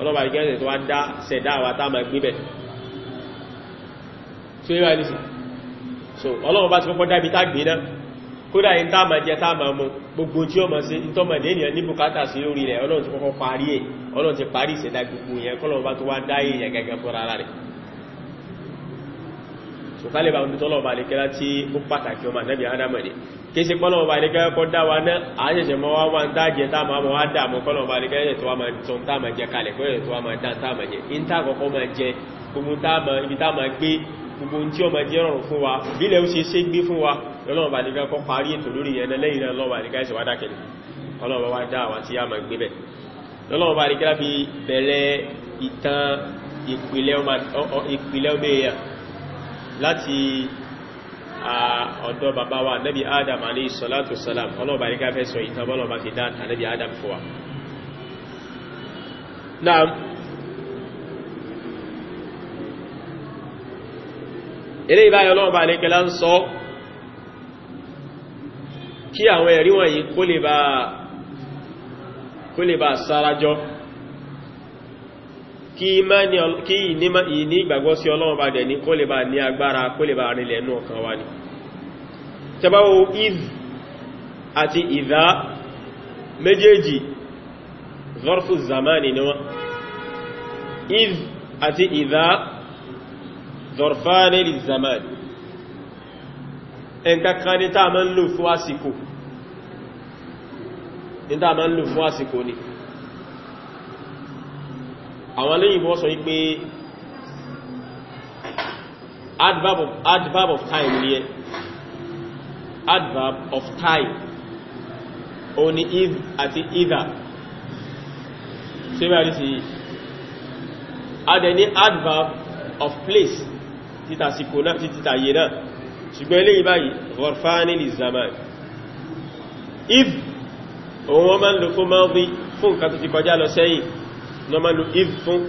A: ọlọ́ba ìgẹ́sẹ̀ tó wá dá sẹ̀dá àwà tá ma gbé tí ó yíwa ní sí so ọlọ́run bá ti kọ́kọ́ dábi tá gbé náà kódà yí tá ma jẹ tá ma mú gbogbo tí ó ma sí ìtọ́mọ̀dé ènìyàn ní bùkátà sí lórí rẹ̀ ọlọ́run ti kọ́kọ́ parí ẹ̀ ọlọ́run ti parí ìṣẹ̀dá gbogbo yẹn kọ́lọ́run bá tó wá dá èèyàn gẹ́gẹ́ fọ́ra rẹ̀ sùkálẹ̀ bá ọdútọ́lọ̀ bá lè kẹ́lá tí ó pàtàkì ọmọ nẹ́bí adámọ̀dé kí sí pọ́lọ̀ bá lè kẹ́lá kọ́ dáwà náà àyẹ̀ṣẹ̀ mọ́ wá wá ń dájẹ́ táàmà mọ́ wá dáàmù pọ́lọ̀ bá lè kẹ́lá tó wá máa tọ́ táàmà jẹ kalẹ̀ pẹ́lẹ̀ ọmọ wa bílẹ̀ ó ṣe ṣe wa lọ́lọ́wọ́ bá nìkan kọ́ parí ètò lórí ẹ̀nà lẹ́yìn náà lọ́wọ́ bá nìkan ìṣẹ̀wá dákẹ̀lẹ̀ ọlọ́wọ́ wá dá àwọn tí a máa gbé bẹ̀ lọ́lọ́wọ́ bá nìkan fi ìpìlẹ̀ ọmọ èèyàn láti ọ̀dọ̀ bàbá wa nẹ́bí adam alayhi salatu salam ọlọ́ọ̀bà ní káfẹ́ sọ ìtàbọ́lọ̀bà fi dán nẹ́bí adam fọ́wà náà ilé ìbáyọ̀ ọlọ́ọ̀bà ní kẹlá ń sọ kí àwọn ẹ̀rí wọ̀nyí kó lè bá sárájọ́ kí ní ìgbàgbọ́ sí ọlọ́run bá dẹ̀ ní kó lè bá ní agbára kó lè bá rílẹ̀ ẹnu ọkàn wa ní tẹbáwó iz àti ìdá méjèèjì zọ́rfù zamani ni wọ́n iz àti ìdá zọ́rfáni lè zamani ẹnkankan ní táà mọ́ ń lò fún àsìkò ní àwọn aléyìnbó sọ wípé adverb of, adverb of time ni ẹ adverb of time o ni if àti either síbẹ̀ àti sí adẹ̀ ní adverb of place títà sí kò náà títà yẹ náà ṣùgbọ́n eléyìí báyìí gharfani li zaman if òun wọ́n máa ń lò fún mọ́dí fún nǹkan tó ti kọjá lọ sẹ́yìn lọ máa lò if fún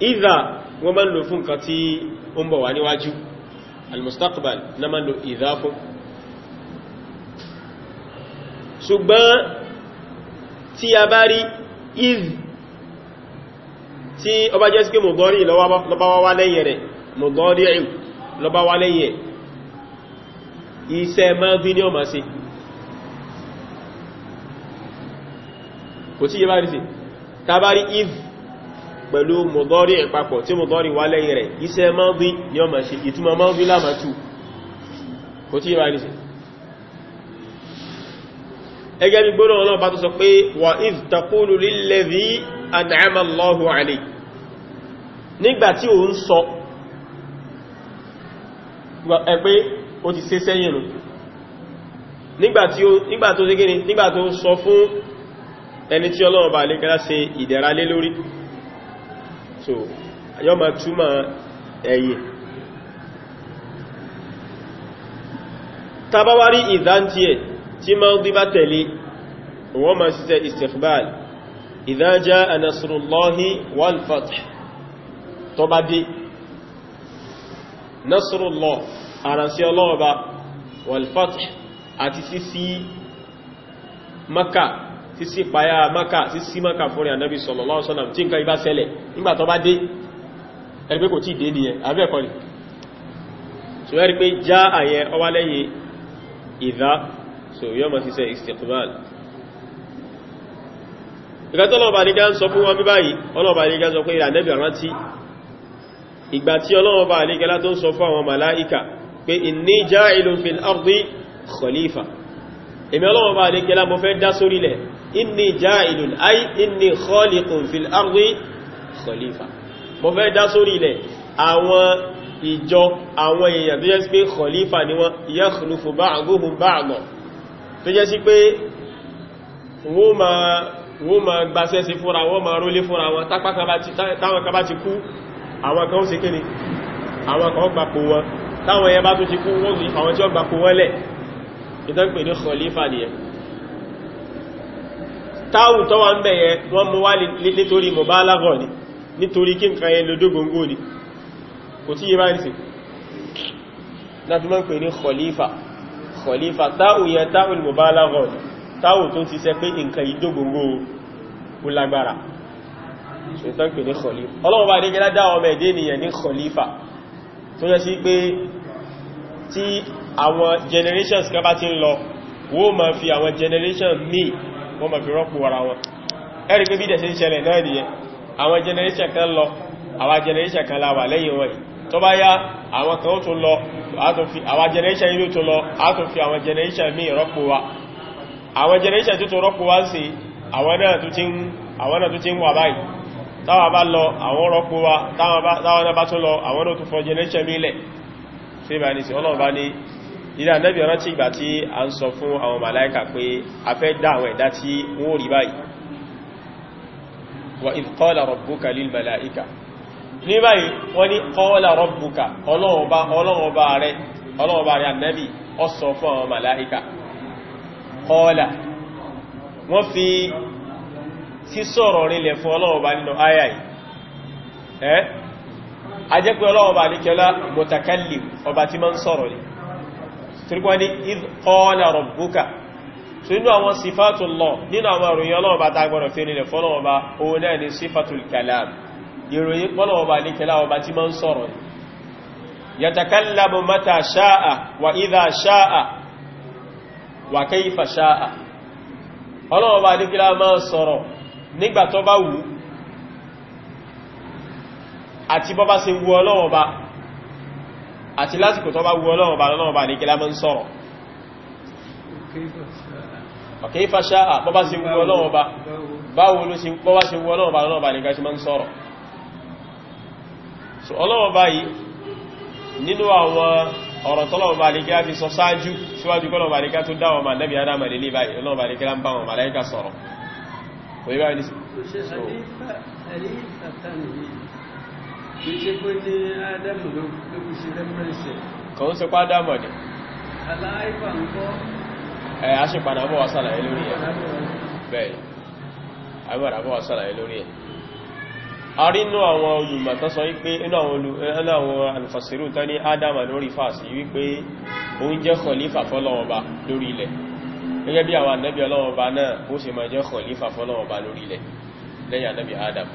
A: ìdá wọ́n máa lò fún nǹkan tí ó ń bọ̀ wá níwájú al-mustaqbal na máa lò ìdá fún ṣùgbọ́n tí a bá rí if tí ó bá jẹ́ sí pé mọ̀gọ́rí lọ́báwá lẹ́yìn rẹ̀ mọ̀gọ́rí ẹ̀yù lọ́báwá lẹ́yìn ẹ̀ iṣẹ́ máa bí ní ọmọ sí kò tí yẹ bá rí sí tabari if pẹ̀lú mọ̀dọ́rí ẹ̀papọ̀ tí mọ̀dọ́rí wà lẹ́yìn rẹ̀ iṣẹ́ mọ́dí ni ọmọ ṣe ìtumọ̀ mọ́dí lámàtù kò tí ìbá nìsẹ̀ ẹgẹ́ bí gbọ́nà ọlọ́ bá tó sọ pé wà if takúlù lilladhi an'ama Allahu alayhi nígbà tí ẹni tí ọlọ́run bá lè kẹ́lá ṣe ìdẹ̀ra lé lórí so yọ́ ma túmọ̀ ẹ̀yìn tabawari ìdántí ẹ̀ tí ma ń díbá tẹ̀lé wọ́n ma ṣiṣẹ́ istiqbal idha jaa nasrullahi wal fath tó bá dé nasrullah àrànsí ọlọ́ọ̀bá wal fath àti sí sí Makkah sísí ìpayà maka sísí maka fún ìrìnàbí sallallahu alaihi wasallam tí nǹkan ibá ṣẹlẹ̀ nígbà tó bá dé ẹgbẹ́ kò tí dé ní ẹ abẹ́ẹ̀kọ́ ni so ẹ́rí pé já àyẹ ọwá lẹ́yìn ìdá so yọ́ ma ṣiṣẹ́ istiqbal ìgbàtọ́ ọlọ́ọ̀bà ní gá ń sọ fún wọn bí báyìí ọlọ́ọ̀bà ní gá sọ inni ja'ilun ay inni khaliqun fil ardi khalifa mo fẹ́ dá sórí ilẹ̀ àwọn ìjọ àwọn èèyàn tó jẹ́ sí pé khalifa ni wọ́n yakhlufu ba'duhum ba'dan tó jẹ́ sí pé wọ́n ma wọ́n ma gbáṣẹ́ sí fúnra wọ́n ma rólé fúnra wọn táwọn kan bá ti kú àwọn kan ó sì kéde àwọn kan gbapò wọn táwọn ẹyẹ bá tó ti kú wọ́n àwọn tí ó gbapò wọn lẹ̀ ìtọ́pẹ̀ ní khalifa nìyẹn táwù tó wà ń bẹ̀ yẹn wọ́n mú wá nítorí mọ̀bálàgọ̀ ni nítorí kí nǹkan yẹn lójó gbogbo ni kò tí yẹ bá ń sì láti mọ́ pè ní khalifa khalifa táwù yẹn táwù mọ̀bálàgọ̀ ni táwù tó ti sẹ pé nǹkan yìí dógbogbo ó lágbára ṣùgbọ́n pè ní khalifa ọlọ́wọ́ bá déjẹ́ ládá ọmọ ẹ̀dẹ́ ènìyàn ní khalifa tó yẹ sí pé tí àwọn generations kan bá ma fi àwọn generations míì wọ́n ma fi rọ́pù ara wọn ẹ̀rí pé bí dẹ̀ sí ń náà nìyẹn àwọn generation kan lọ àwọn generation kan láwà lẹ́yìn wọn tó bá yá àwọn kan ó tún lọ àwọn generation yìí tún lọ á tún fi àwọn generation míì rọ́pù wa àwọn generation tó tún rọ́pù wa sí àwọn náà tó ti ń wà báyìí táwọn bá lọ àwọn rọ́pù wa táwọn bá tún lọ àwọn náà tún fọ generation míì lẹ̀ sí ìbánisí ìdá ànábì rántí ìgbà tí a ń sọ fún àwọn màláìkà pé a fẹ́ dá àwọn ẹ̀dá tí wọ́n rí báyìí wa idh qala rabbuka lil màláìkà ní báyìí wọ́n ní qala rabbuka ọlọ́ọ̀bá rẹ̀ ànábì ó sọ fún àwọn màláìkà qala wọ́n fi sísọ̀rọ̀ rinlẹ̀ fún ọlọ́ọ̀bá nínú tìrìkwádé ìkọ́ọ̀lá rọ̀bùkà tó inú àwọn sífàtù lọ nínú àwọn ìròyìn ọlọ́ọ̀bá tagbọ̀rọ̀ fi nílẹ̀ fọ́lọ́ọ̀bá òun náà ni sífàtù kalam ìròyìn pọ́lọ́ọ̀bá ní kẹláọ̀bá tí máa ń sọ̀rọ̀ yàtàkálàbù mata ṣáà wà ìdá ṣáà wà kaifa ṣáà ọlọ́ọ̀bá ní kẹlá máa sọ̀rọ̀ nígbà tó bá àti lásìkò tó bá wù ọlọ́run bá lọ́lọ́run bá ní kí lámọ́ ń sọ̀rọ̀ ọ̀kẹ́ ìfàṣà bọ́bá sí wù ọlọ́run bá báwo ló sí bọ́bá sí wù ọlọ́run bá lọ́lọ́run bá ní kí lámọ́ ń sọ̀rọ̀ so ọlọ́run bá yìí nínú àwọn ọ̀rọ̀ tọ́lọ́run bá ní kí á fi sọ sáájú síwájú kọ́lọ́run bá ní kí á tó dáwọn mà nẹ́bí adáma lè ní báyìí ọlọ́run bá ní kí lá ń bá wọn màláíkà sọ̀rọ̀ kìí ṣe pé ní ádámù ló kú sí rẹ́mẹ́sẹ̀ kò ń sọpá ádámù ni aláìfà ń kọ́ ẹ̀ a ṣe padà bọ́ wá sàlàyé lórí ẹ̀ bẹ́ẹ̀ a padà bọ́ wá sàlàyé lórí ẹ̀ a rí inú àwọn olùmọ̀ tán sọ wípé inú àwọn alifasirun tán ní ádámù lórí fàásì wípé òun jẹ́ kọ̀lífà fọ́lọ́wọ́ba lórí ilẹ̀ gẹ́gẹ́ bí àwọn ànábì ọlọ́wọ́ba náà ó ṣe máa jẹ́ kọ̀lífà fọ́lọ́wọ́ba lórí ilẹ̀ lẹ́yìn ànábì ádámù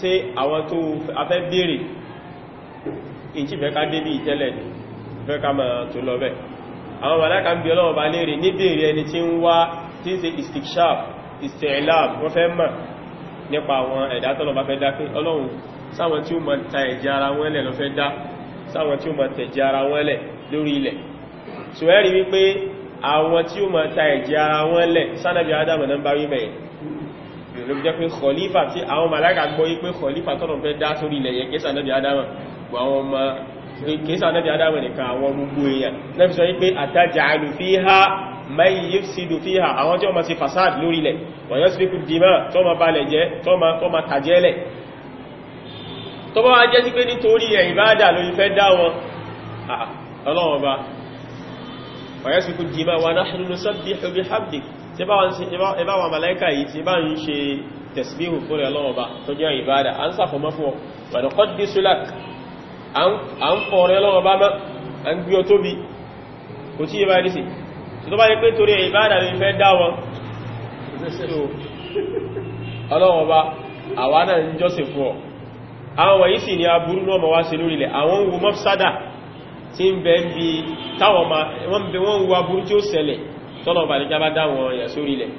A: ṣe àwọn tó afẹ́ bèèrè in ti fẹ́ ká débí ìtẹ́lẹ̀ ní fẹ́ ká máa tó lọ bẹ́ àwọn màláka ń bí ọlọ́wọ́ bá léèrè ní bèèrè ẹni tí ń wá tí ń ṣe istikshaf istilam wọ́n fẹ́ mọ̀ nípa àwọn ẹ̀dá tọ́lọ bá fẹ́ dá pé ọlọ́run sáwọn tí ó mọ̀ ta ẹ̀jẹ̀ ara wọn lẹ̀ lọ fẹ́ dá sáwọn tí ó mọ̀ tẹ̀jẹ̀ ara wọn lẹ̀ lórí ilẹ̀ so ẹ́rí wípé àwọn tí ó mọ̀ ta ẹ̀jẹ̀ ara wọn lẹ̀ sánàbí adámọ̀ náà bá rí mẹ́yìn ló jẹ́ pé kọlífà tí àwọn màláìkà gbọ́ yí pé kọlífà tọ́nà fẹ́ dá sórí ilẹ̀ yẹn kéṣà nẹ́bí adama gbọ́ àwọn ọmọ kéṣà nẹ́bí adama nìkan àwọn gbogbo èèyàn nẹ́bí sọ wípé àtàjà àlù fi ha mai yífsìdù fi ha àwọn tí wọ́n ma ṣe fasad lórí ilẹ̀ wọ́n yọ́ sípé dìímà tó ma balẹ̀ jẹ́ tó ma tàjẹ́lẹ̀ tó tí bá wọn màláíkà yìí tí bá ń ṣe tẹ̀síbíhù fún ọlọ́ọ̀bá tó jẹ́ ìbádà a ń sàfọmọ́ fún ọ pẹ̀lú kọ́dí sulak a ń fọ́ ọ̀rẹ́ ọlọ́ọ̀bá mọ́ a ń gbí ọ tóbi kò tí yẹ bá ní sí tó bá yẹ pé torí ìbádà lè fẹ́ dá wọn ọlọ́ọ̀bá àwa náà ń jọ́sìn fún àwọn ni aburú náà ma wá sí lórílẹ̀ àwọn wo mọ́fsádà tí ń bẹ ń ma wọ́n wo aburú tí ó tọ́lọ̀ọ̀bà àríkẹ́ bá dáwọn èèyàn sórí ilẹ̀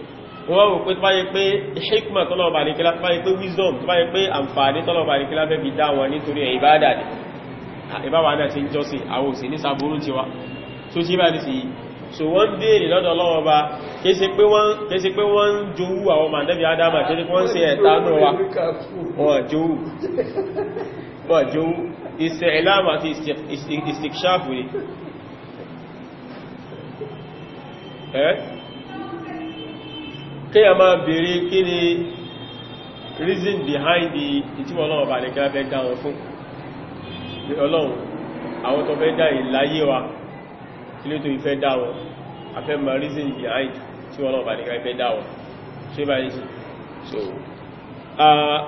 A: wọ́n wò pé tọ́báyé pé hikma tọ́lọ̀ọ̀bà àríkẹ́ tọ́báyé pé wisdom tọ́báyé pé àǹfààní tọ́lọ̀ọ̀bà àríkẹ́ láfẹ́ fi dáwọn nítorí ẹ̀ ìbáadà ni ìbáwà náà ṣe ń jọ́sìn àwọn òsì ní sàbúrú ti wá tó ṣí bá ní sí so wọ́n dèrè lọ́dọ̀ lọ́wọ́ bá kése pé wọ́n ń jowú àwọn màndẹ́bì adama kése pé wọ́n ṣe ẹ̀ta náà wọ́n jowú ìsẹ̀ ìlàmà àti ìsìkṣáfù ni kí a máa bèèrè kí ni reason behind the ìtíwọ̀ ọlọ́run bá lè kí a fẹ́ dá wọn fún ọlọ́run àwọn tó fẹ́ dá ìláyé wa kí ló tó ìfẹ́ dá wọn a fẹ́ reason behind tí wọ́n bá lè kí dá wọn ṣe báyìí so ah,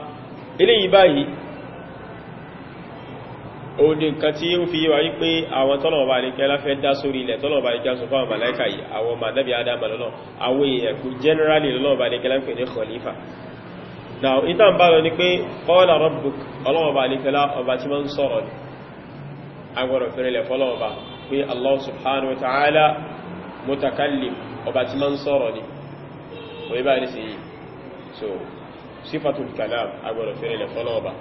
A: eléyìí báyìí òde nǹkan tí ó fi yíwa yí pé àwọn tọ́lọ̀ọ̀bà àríkẹ́ láfẹ́ dá sórí ilẹ̀ tọ́lọ̀ọ̀bà àríkẹ́ sọ fáwọn màláìkà yìí àwọn màdábí adama lọ́nà àwọn èèyàn kú generally lọ́lọ́ọ̀bà àríkẹ́ láfẹ́ ní khalifa now ita n bá lọ ní pé qala rabbuk ọlọ́ọ̀bà àríkẹ́ ọba tí wọ́n sọ̀rọ̀ agbọ̀rọ̀ fẹ́rẹ̀lẹ̀ fọ́lọ́ọ̀bà pé sifatul kalam agbọ̀rọ̀ fẹ́rẹ̀lẹ̀ fọ́lọ́ọ̀bà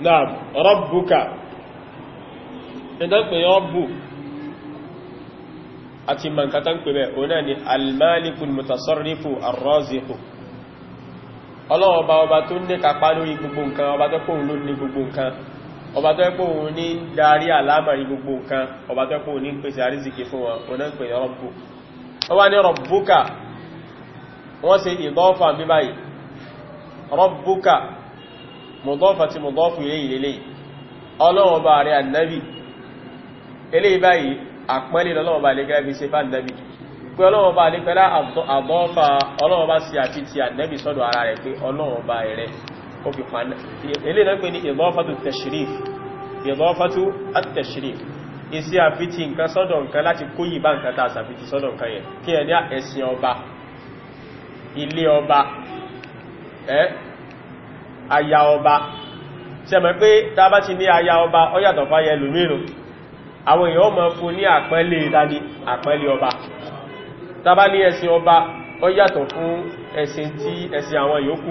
A: náà rọ́bùkà ìdánpẹ̀ rọ́bù àti mankatan pẹ̀lẹ̀ ọ̀nà ni almalikul mutasarrifu arraziqu ọlọ́ọba ọba tó ní kapa lórí gbogbo nǹkan ọba tó pòun ló ní gbogbo nǹkan ọba tó pòun ní darí alámàrí gbogbo nǹkan ọba tó pòun ní pèsè àríziki fún wọn ọ̀nà pẹ̀ rọ́bù ọba ní rọ́bùkà wọ́n ṣe ìdọ́fà bíbáyìí rọ́bùkà mọ̀dọ́fà ti mọ̀dọ́fù ilé ìlélẹ̀ ọlọ́wọ́ bá rẹ̀ annabi ilé ìbáyìí àpẹẹlẹ̀ ọlọ́wọ́ bá lè gẹ́bí sí fán annabi pé ọlọ́wọ́ bá lè pẹ́lá àdọ́fà ọlọ́wọ́ bá sí àti ti annabi sọ́dọ̀ ara rẹ̀ pé ọlọ́wọ́ bá rẹ̀ ó fi pa ilé náà pé ní ìdọ́fàtú tẹ̀ṣìríf ìdọ́fàtú àtẹ̀ṣìríf isi àfitì nǹkan sọ́dọ̀ nǹkan láti kó yìí bá nǹkan tá àsàfitì sọ́dọ̀ nǹkan yẹn kí ẹ ní ẹ̀sìn ọba ilé ọba ẹ́ aya ọba sẹ́mọ̀ pé tàbá ti ní aya ọba ó yàtọ̀ fáyẹ lòmírùn àwọn èèyàn mọ̀ fún ní àpẹẹlẹ ìdáni àpẹẹlẹ ọba tàbá ní ẹ̀sìn ọba ó yàtọ̀ fún ẹ̀sìn tí ẹ̀sìn àwọn yòókù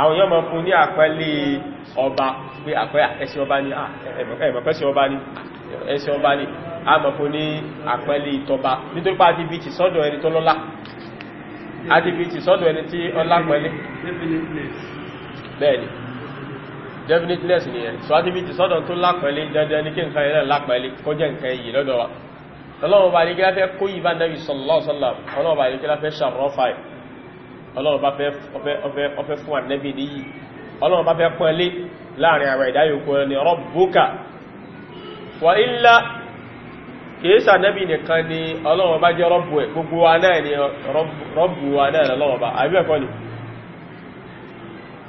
A: àwọn èèyàn ni ẹ̀sìn ni a mọ̀ fún ní àpẹẹlẹ ìtọba nítorí pá adìbìtì sọ́dọ̀ ẹni tó lọ́lá adìbìtì sọ́dọ̀ ẹni tí ọlá pẹ̀lẹ́ bẹ́ẹ̀ni definiteness ni ẹ̀ sọ́dínbìtì sọ́dọ̀ tó lápẹ̀lé dandan ní kí nǹkan ẹ̀rẹ́ lápẹ̀lé kó jẹ́ nǹkan èyí lọ́dọ̀ wa ọlọ́run bá nígbà fẹ́ kó yìí bá nẹ́bí sọ̀lọ́sọ́lá ọlọ́run bá nígbà fẹ́ ṣàrọ́fàì ọlọ́run bá fẹ́ fún ànẹ́bí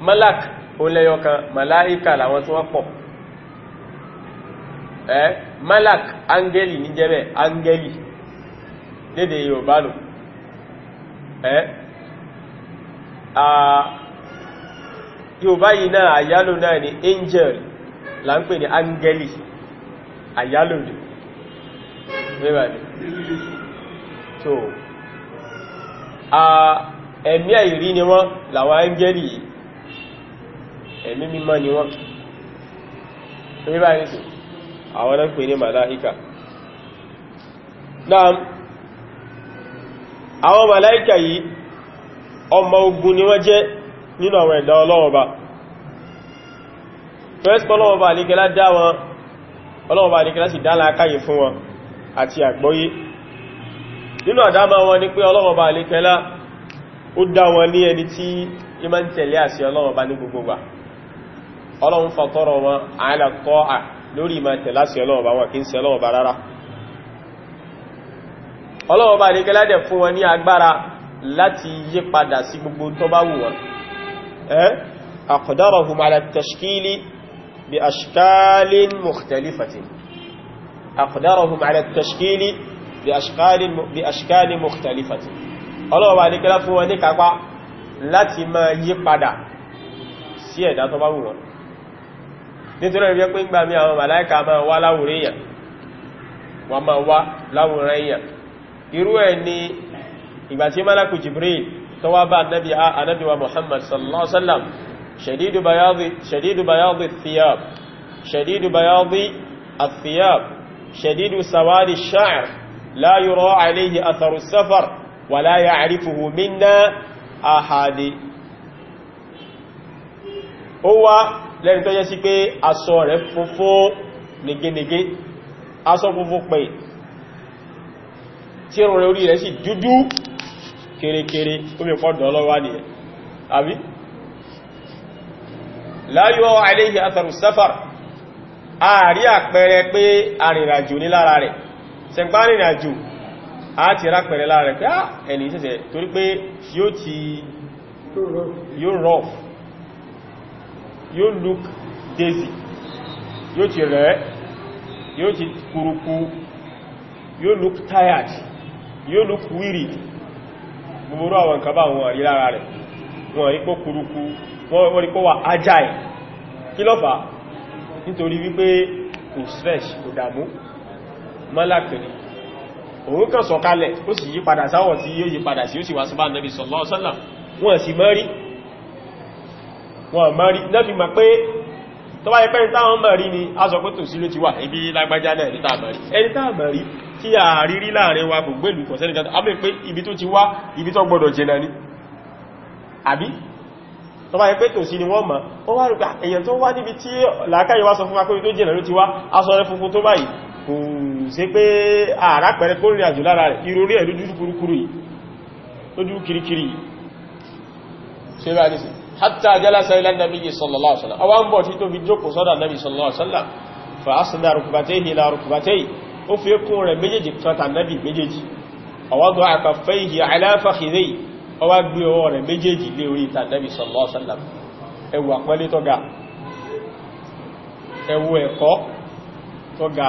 A: malak òun lẹ́yọ kan malaika làwọn tí wọ́n pọ̀ ẹ́ malak angeli ní jẹ́bẹ̀ angeli lédè yorùbá lò ẹ́ yorùbá yìí náà àyálò náà ni angel là ń pè ní angeli àyálò ni mẹ́bàdì so ẹ̀mí àìrí ni wọ́n làwọn angeli yìí ẹ̀mí mímọ́ ni wọ́n ṣe bá ní sí àwọn náà pè ní màláíkà náà àwọn màláíkà yìí ọmọ ogun ni wọ́n jẹ́ nínú àwọn ẹ̀dá ọlọ́ọ̀ba fẹ́ẹ́sì ọlọ́ọ̀ba àníkẹ́lá dá wọn ọlọ́ọ̀ba àníkẹ́lá sì dá ni pé ọlọ́ọ̀ba àníkẹ́lá ó dá wọn ní ẹni tí ìmá ń tẹ̀lé àṣẹ ọlọ́ọ̀ba ní gbogbo ọlọ́run fàtọ́rọ̀ wọn àálàtọ́ à lórí ìmá tẹ̀láṣẹ́ ọlọ́ọ̀bá wọn kí ń ṣe ọlọ́ọ̀bá rárá ọlọ́ọ̀bá ní kẹ́lẹ́dẹ̀ fún wọn ní agbára láti yí padà sí gbogbo tó bá wù wọn aqdarahum ala tashkili bi ashkalin mukhtalifatin aqdarahum ala tashkili bi láti máa yí padà sí ẹ̀dá tó bá wù wọn nítorí ẹ̀rẹ́ pé gbàmí àwọn màláìka máa wá láwòrán èèyàn wọ́n máa wá láwòrán èèyàn irú ẹ̀ ni ìgbà tí málàkù Jibril tó wá bá Ànábì wa Muhammad sallallahu alaihi wasallam shadidu bayadi shadidu bayadi ath-thiyab shadidu bayadi ath-thiyab shadidu sawadi ash-sha'r lẹ́ni tó yẹ sí pé aṣọ rẹ̀ funfun negenege aṣọ funfun pẹ̀ tí irun rẹ̀ orí rẹ̀ sì dúdú kèrèkèrè omi pọ́dọ̀ ọlọ́wà nìyẹn àbí láyọ́ àìléhì àtàrù sáfàr ààrí àpẹẹrẹ pé arìnrìnàjò ní a ti rápẹẹrẹ lára rẹ̀ pé ah, ẹni ìṣẹ́sẹ̀ torí pé yóò ti yóò rọ̀fù yóò look daisy yóò ti rẹ̀ yóò ti kúrukú yóò look tired yóò look weary gbogbo àwọn nǹkan wọn rí lára rẹ̀ wọn rí pó kúrukú wọ́n rí pó wà agile kí ló nítorí wípé kò stress kò dàmú mọ́lákìrí òun kàn sọ̀kalẹ̀ ó sì yí padà sáwọ̀ tí yóò yí padà sí ó sì sí bá nẹ́bí wọn mọ́rí náà fi mọ̀ pé tó bá ẹpẹ́ ìtàwọn mọ̀rí ni a sọ pé tò sílé ti wà ibi lágbájá náà ní tààmọ̀rí ẹni tààmọ̀rí kí a rírí láàrin wa kò gbèlú kọ̀sẹ́ni kan a mẹ́ pé ibi tó ti wá ibi tó gbọdọ̀ jẹ́ náà ni àbí tó bá ẹpẹ́ tò sí ni wọ́n mọ̀ ó wá rí pé èèyàn tó wá níbi tí làákàyè wá sọ fún wa pé tó jẹ́ ló ti wá aṣọ rẹ̀ funfun tó báyìí kò sí pé ààrá pẹ̀rẹ̀ kó rìn àjò lára rẹ̀ ìrorí ẹ̀ lójú kúrukúrú yìí lójú kirikiri yìí hatta jalasa ila nabiyyi sallallahu alaihi wasallam awan bo ti to fi jókòó sọ́dọ̀ nabi sallallahu alaihi wasallam fa asna rukbatayhi ila rukbatayhi ó fi kún rẹ̀ méjèèjì kan ta nabi méjèèjì awadu akaffayhi ala fakhidhi ó wá gbé ọwọ́ rẹ̀ méjèèjì lé orí ta nabi sallallahu alaihi wasallam ẹ wò àpọ́nlé tó ga ẹ wò ẹ̀kọ́ tó ga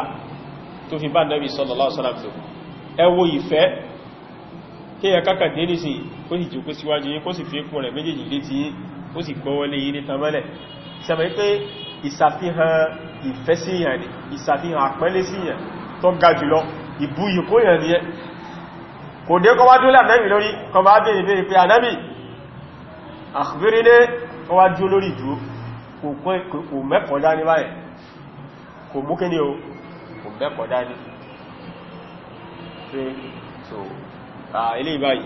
A: tó fi bá nabi sallallahu alaihi wasallam ẹ wò ìfẹ́ kí ẹ kákàdé nìsìn kó sì jù kó síwájú yí kó fi kún rẹ̀ méjèèjì létí yí ó sì gbọ́wọ́lé yìí ní tamẹ́lẹ̀ sẹ́mọ̀ pé ìsàfihàn ìfẹ́ síyàn ni ìsàfihàn àpẹ́lẹ́ síyàn tó ga jùlọ ìbú ìkóyàn ni ẹ kò dé kọ́ wá dúlẹ̀ ànẹ́bì lórí kọ bá bèèrè bèèrè pé ànẹ́bì àkùbírílé kọ́ wá dú lórí ìdúró kò mẹ́kọ̀ọ́ dání báyẹ̀ kò mú kí ni o kò mẹ́kọ̀ọ́ dání so ilé ìbáyìí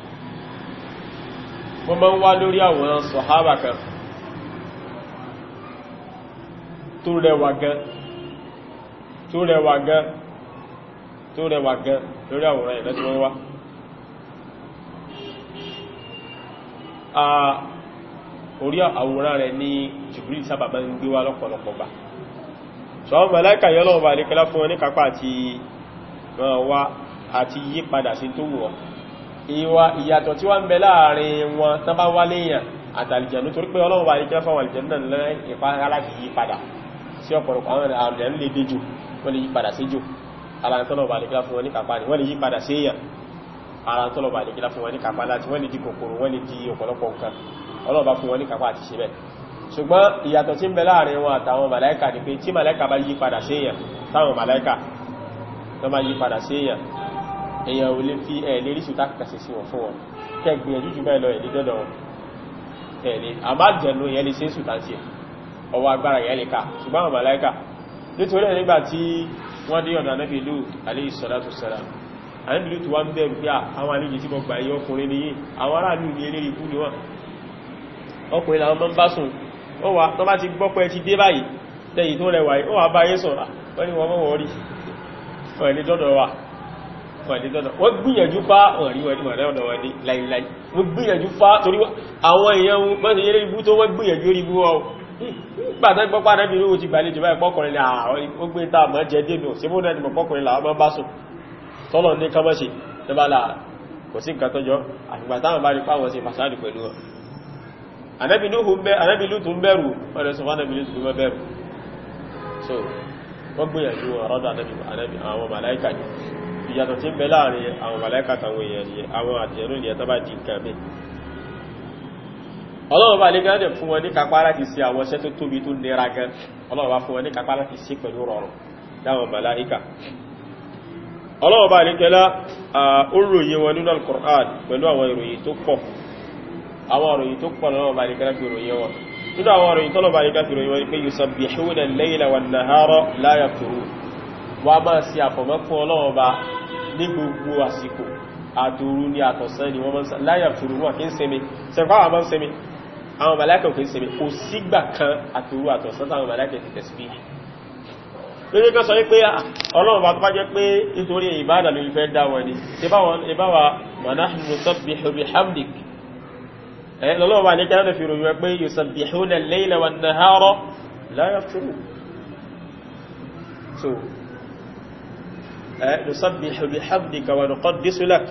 A: mo máa ń wá lórí àwòrán sọ̀hábà kan tó rẹwà gan tó rẹwà gan tó rẹwà gan lórí àwòrán ìrẹ́ tí wọ́n wá orí àwòrán rẹ̀ ní Jibril sábà ń gbé wá lọ́pọ̀lọpọ̀ gbà so àwọn mẹ́láìkà yọ́lọ́wọ́ bá fún wọn ní kápá àti wọ́n wá àti yípadà sí tó wù ìwà ìyàtọ̀ tí wá ń bẹ láàrin wọn tán bá wálé èèyàn àtàlìjẹ̀nú torí pé ọlọ́run bá ikẹ́ fáwọn àlìjẹ̀nú náà lẹ́ ìpára láti yí padà sí ọ̀pọ̀lọpọ̀ àwọn àlìjẹ̀nú lè dé jù wọ́n lè yí padà sí jù alàntọ́lọ̀ bá nìkílá fún wọn ní kàpá ní wọ́n lè yí padà sí èèyàn alàntọ́lọ̀ bá nìkílá fún wọn ní kàpá láti wọ́n lè di kòkòrò wọ́n lè di ọ̀pọ̀lọpọ̀ nǹkan ọlọ́run bá fún wọn ní kàpá àti ṣe bẹ́ẹ̀ ṣùgbọ́n ìyàtọ̀ tí ń bẹ láàrin wọn àtàwọn màláìkà ni pé tí màláìkà bá yí padà sí èèyàn táwọn màláìkà tó bá yí padà sí èèyàn èyàn ò lè fi ẹ̀lẹ́ ríṣù tákàṣì sí wọ̀ fún wọn kẹgbìyànjú jù bẹ́ẹ̀ lọ ẹ̀lẹ́ dọ́dọ̀ wọn ẹ̀lẹ́ àbájẹ̀lú yẹn lè ṣe é sùtàntì ọwọ́ agbára yẹn lè ká ṣùgbọ́n àwọn màláíkà nítorí ẹ̀ nígbà tí wọ́n dé ọ̀dà Ànábì Lúùtù alayhi salatu wassalam Ànábì Lúùtù wá ń bẹ̀rù pé àwọn àlejò tí mo gbà yí ọkùnrin ní yìí àwọn aráàlú ní eré ikú ni wọ́n ọkùnrin làwọn máa ń bá sùn ó wà tó bá ti gbọ́ pé ti dé báyìí lẹ́yìn tó rẹwà yìí ó wà báyé sọ̀rọ̀ wọ́n ni dọ́dọ̀ wà wọ́n gbìyànjú fá ọ̀rí wọ́n ní láìláì wọ́n gbìyànjú fá torí àwọn èèyàn mọ́sí yẹ́rẹ́ ibú tó wọ́n gbìyànjú rí bú ọ́ gbàtẹ́ gbọ́pá rẹ̀ bíró ti gbàlejò báyìí pọ́kùnrin àwọn ogbé tàà mọ́ jẹ́ dénú sí mú náà ti mọ̀ pọ́kùnrin làwọn bá sùn tọ́lọ̀ ní kọmọ́sì tẹ́bàlá kò sí nǹkan tọ́jọ́ àfìgbà táwọn bá rí pàwọn sí fàṣádì pẹ̀lú wọn anábìlú tún bẹ̀rù ọ̀rẹ́ sọ fánàbìlú tún bẹ̀rù so wọ́n gbìyànjú ọ̀rọ̀dọ̀ àwọn màláìkà ni ìyàtọ̀ tí ń bẹ láàrin àwọn màláíkà àtàwọn èèyàn ni àwọn àtẹ̀rù ni ẹ̀tọ́ bá di nǹkan mi ọlọ́run bá lè gánà fún wọn ní kápá láti ṣe àwọn iṣẹ́ tó tóbi tó nira gan wọn nínú al pẹ̀lú àwọn ìròyìn tó pọ̀ àwọn ìròyìn tó pọ̀ lọ́wọ́ bá lè gẹ́lá fi ròyìn wọn nínú àwọn ìròyìn tọ́lọ̀ bá lè gẹ́lá fi ròyìn wọn pé ní gbogbo àsìkò àtòru ni àtọ̀sán ni wọ́n mọ́sán láyà tòru wọn kí ń sinmi sẹ́fà àwọn mọ́n sinmi àwọn màláíkà kì í sinmi kò sígbà kan àtòru àtọ̀sán táwọn màláíkà ti tẹ̀sí lórí kan sọ wípé ah, ọlọ́run bá tó bá jẹ́ pé nítorí ìbádà lórí fẹ́ dá wọn ni ìbáwa manahnu nusabbihu Eh, nusabbihu bihamdika wa nuqaddisu lak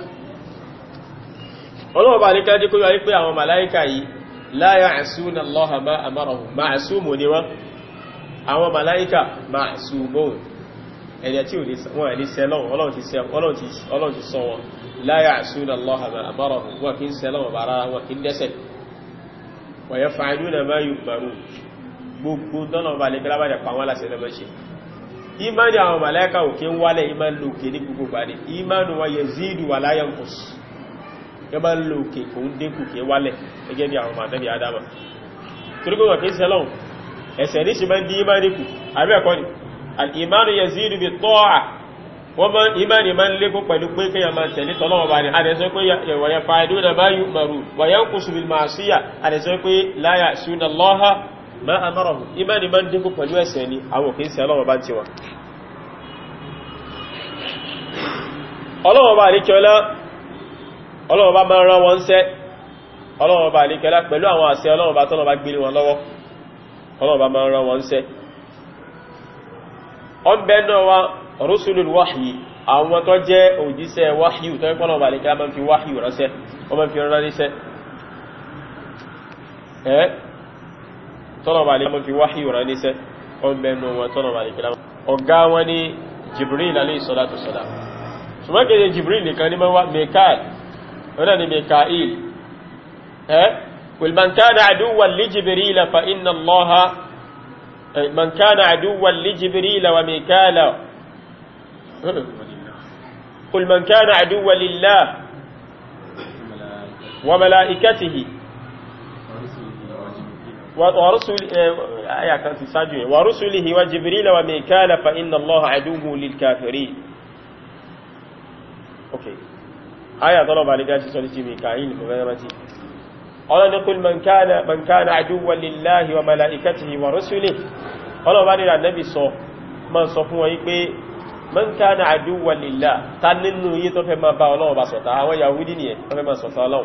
A: ọlọ́wọ́ bá ní kájí kó yọ pé àwọn màláíkà yìí la ya'suna Allaha ma amarahum ma'sumun ni wọ́n àwọn màláíkà ma'sumun ẹ̀dẹ̀ tí wọ́n ẹ̀lẹ́ sẹ́lọ́wọ́ ọlọ́run ti sọ wọn la ya'suna Allaha ma amarahum wọ́n kí ń sẹ́lọ́wọ́ bàrá wọn kí ń dẹ́sẹ̀ ìmánì àwọn màláíkà òkè ń wálẹ̀ ìmánì lókè ní gbogbo gbàdé ìmánì wọn yazidu wala yanqus yọba ń lókè kò ń dínkù kí wálẹ̀ gẹ́gẹ́ bí àwọn màdẹ́bí adama torígbọ́n kí sẹ́lọ̀n ẹ̀sẹ̀ ní ṣe máa ń dí ìmánì kù àbí ẹ̀kọ́ ni al-imanu yazidu bi ta'a wọ́n máa ìmánì máa ń lékún pẹ̀lú pé kí yàn máa tẹ̀lé ma amarahu imani ma ń dínkù pẹ̀lú ẹ̀ṣẹ̀ ni àwọn kìí sí ọlọ́wọ́ bá ti wọn ọlọ́wọ́ bá àríkẹ́ọ́lá ọlọ́wọ́ bá wọn sẹ́ ọlọ́wọ́ bá àríkẹ́ọ́lá pẹ̀lú àwọn àṣẹ ọlọ́wọ́ bá tọ́lọ́ bá gbé wọn lọ́wọ́ ọlọ́wọ́ bá wọn sẹ́ fi tọ́nà bá lè mọ́ fi wáhí rán níṣẹ́ ọmọbẹ̀nu wọn tọ́lọ̀bà lè kìláwọ́ ọ̀gá wọn ni jibril alayhi salatu salam ṣùgbọ́n kèje jibril nìkan ní mọ́wá wa ورسله وجبريل وميكال فإن الله عدو للكافرين أوكي آية طلب على قاتل صلى ميكائيل مغيرتي قال نقول من كان من كان عدوا لله وملائكته ورسله قال بني النبي صلى ما صفوا يبي من كان عدوا لله تنن يتفهم ما با الله با سوتا هو يهودي ني ما سوتا الله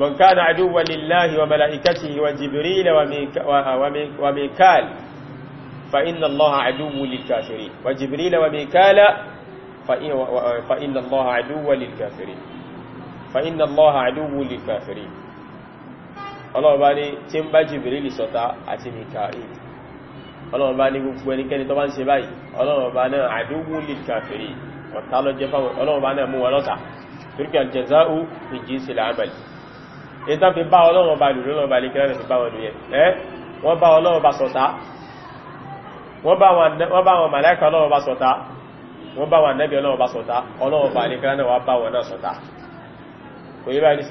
A: من كان عدوا لله وملائكته وجبريل وميكال فإن الله عدو للكافرين وجبريل وميكال فإن الله عدو للكافرين فإن الله عدو للكافرين ọlọ́run bá ní tí ń bá jìbìrìlì sọ̀tá àti mìkàíl ọlọ́run bá ní gbogbo ẹnikẹ́ni tó bá ń ṣe báyìí ọlọ́run bá náà àdúgbò lè kàfèrí ọ̀tá lọ jẹ́ fáwọn ọlọ́run bá náà mú wọn lọ́ta ìtàn fi bá ọlọ́run ọba lò lọ́nà ọba lè kẹ́rẹ́ fi bá wọn lò yẹ ẹ́ wọ́n bá ọlọ́run ọba ṣọ̀tá wọ́n bá wọn màláìka ọlọ́run ọba ṣọ̀tá wọ́n bá wọn ànábì ọlọ́run ọba ṣọ̀tá ọlọ́run ọba lè kẹ́rẹ́ náà wá bá wọn náà ṣọ̀tá kò yí báyìí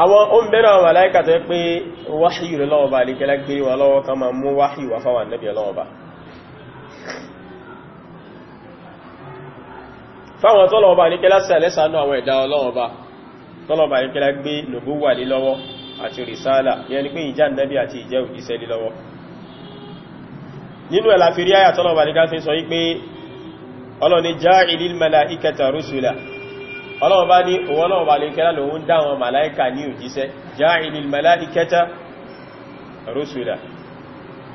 A: àwọn o ń bẹ̀rẹ̀ pé wáhíyù lọ́wọ́ bá lè kẹ́lá gbé lọ́wọ́ kan máa mú wáhíyù wá fáwọn ànábì ọlọ́wọ́ bá fáwọn tọ́lọ̀ọba ní kẹ́lá sẹ̀lẹ́sànú àwọn ẹ̀dá ọlọ́ọba tọ́lọ̀ọba ní kẹ́lá gbé lògbó wà lé lọ́wọ́ àti rìsáàlà yẹn ni pé ìjá nẹ́bí àti ìjẹ́ òjíṣẹ́ lé lọ́wọ́ nínú ẹ̀lá fi rí àyà tọ́lọ̀ọba ní káfí sọ wípé ọlọ́ni já ìlil mẹ́láìkẹta rúsùlà ọlọ́ọba ní òun ọlọ́ọba ní kẹ́lá lòun dáwọn màláìkà ní òjíṣẹ́ já ìlil mẹ́láìkẹta rúsùlà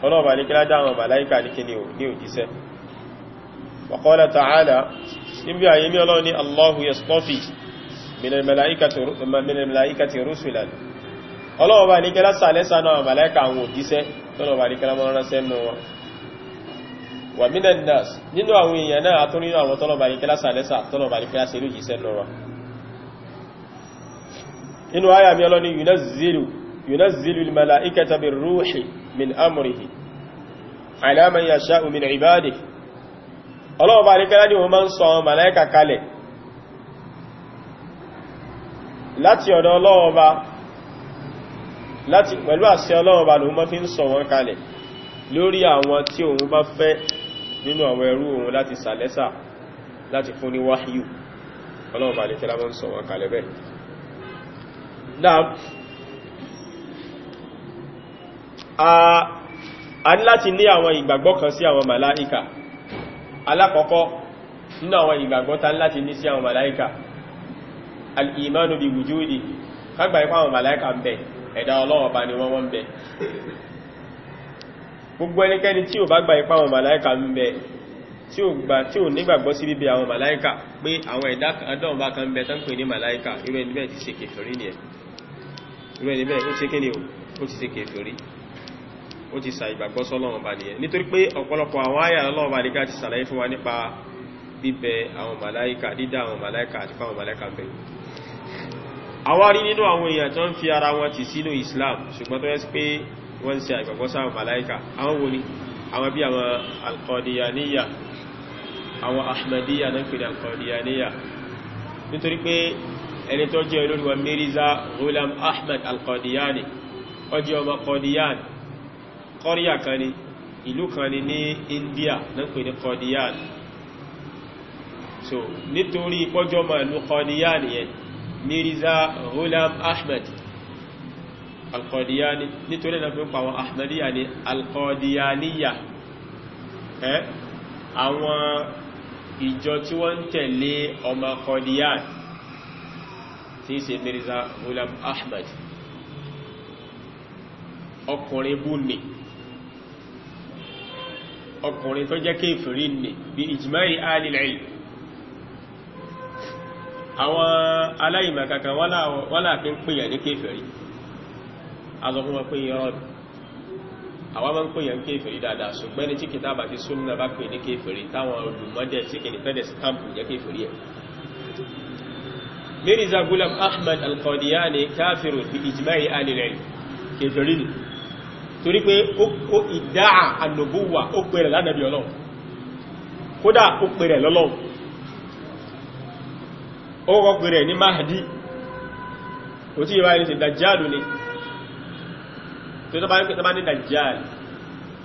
A: ọlọ́ọ̀bà ní kí ládá àwọn màláíkà ní kí ní òjíṣẹ́ wa qala ta'ala níbi àyè ní ọlọ́ni Allahu yastafi minal mala'ikati rusulan ọlọ́ọ̀bà ní kí lásà lẹ́sànà àwọn màláíkà àwọn òjíṣẹ́ tọ́lọ̀bà ní kí lámọ́rán sẹ́nu wọn yunazzilu al-mala'ikata bir-ruhi min amrihi ala man yasha'u min ibadihi ọlọ́wọ́ bá rí kẹ́lá ní wọ́n máa ń sọ ọmọ màláíkà kalẹ̀ láti ọ̀dọ̀ ọlọ́wọ́ bá láti pẹ̀lú àṣẹ ọlọ́wọ́ bá lòun máa fi ń sọ wọn kalẹ̀ lórí àwọn tí òun bá fẹ́ nínú àwọn ẹrú òun láti sàlẹ́sà láti fún ní wáhíù ọlọ́wọ́ bá rí a ní láti ní àwọn ìgbàgbọ́ kan sí àwọn màláíkà alákọ̀ọ́kọ́ nínú àwọn ìgbàgbọ́ ta láti ní sí àwọn màláíkà al'imanu bi wujudi kagbà ipá àwọn màláíkà ń bẹ ẹ̀dá ọlọ́wọ̀ bá ni wọ́n wọ́n bẹ gbogbo ẹnikẹ́ni tí ò bá gbà ipá àwọn màláíkà ń bẹ tí ò gbà tí ò nígbàgbọ́ sí bíbí àwọn màláíkà pé àwọn ẹ̀dá adọ́n bá kan bẹ tán pè ní màláíkà irú ẹni bẹ́ẹ̀ ti ṣe kèfèrí ni ẹ̀ irú ẹni bẹ́ẹ̀ ó ti ṣe kéni ó ti ṣe kèfèrí ó ti sa ìgbàgbọ́ sọ́lọ́wọ́n bá nìyẹn nítorí pé ọ̀pọ̀lọpọ̀ àwọn àyà lọ́wọ́ bá nígbà ti sàlàyé fún wa nípa bíbẹ àwọn màláìka dídá àwọn màláìka àti fáwọn màláìka bẹ̀ àwa rí nínú àwọn èèyàn tó ń fi ara wọn tì sínú Islam ṣùgbọ́n tó yẹ pé wọ́n ń ṣe àìgbàgbọ́ sáwọn màláìka àwọn wo ni àwọn bí àwọn alkọ̀dìyàníyà àwọn ahmadiyya náà pè ní nítorí pé ẹni tó jẹ́ olórí wa Mirza Ghulam Ahmad alkọ̀dìyàní ọmọ kọ̀dìyàní kọ́ríyà kan ni ìlú kan ni ní India náà pè ní Qadiyan so nítorí pọ́jọ́ ma ìlú Qadiyan yẹn Mirza Ghulam Ahmed al-Qadiyani nítorí náà fún pàwọn Ahmadiyya ni al-Qadiyaniyya ẹ́ àwọn ìjọ tí wọ́n ń tẹ̀lé ọmọ Qadiyan tí í ṣe Mirza Ghulam Ahmed ọkùnrin bú ni ọkùnrin tó jẹ́ kéfèrí nì bí ìjìmáì alìlẹ̀ àwọn aláìmọ̀kankan wọ́n láàfí ń pèyàn ní kéfèrí azọkún wọn pé irọ́ àwọn máa ń pèyàn kéfèrí dáadáa ṣùgbẹ́ ní tí kìtàbà ti súnmọ́ bá pè ní kéfèrí táwọn olùmọ́dẹ̀ sí kìnnì fẹ́dẹ̀ stampu torí pé ó ìdáà ànàbúwà ó pèrè lánàbí ọlọ́run kódà ó pèrè lọ́lọ́run ó kọ́ pèrè ní Mahdi ó tí ìwà ilẹ̀ sí dajjalu ni tó tó bá ní pẹ̀tọ́ bá ní dajjal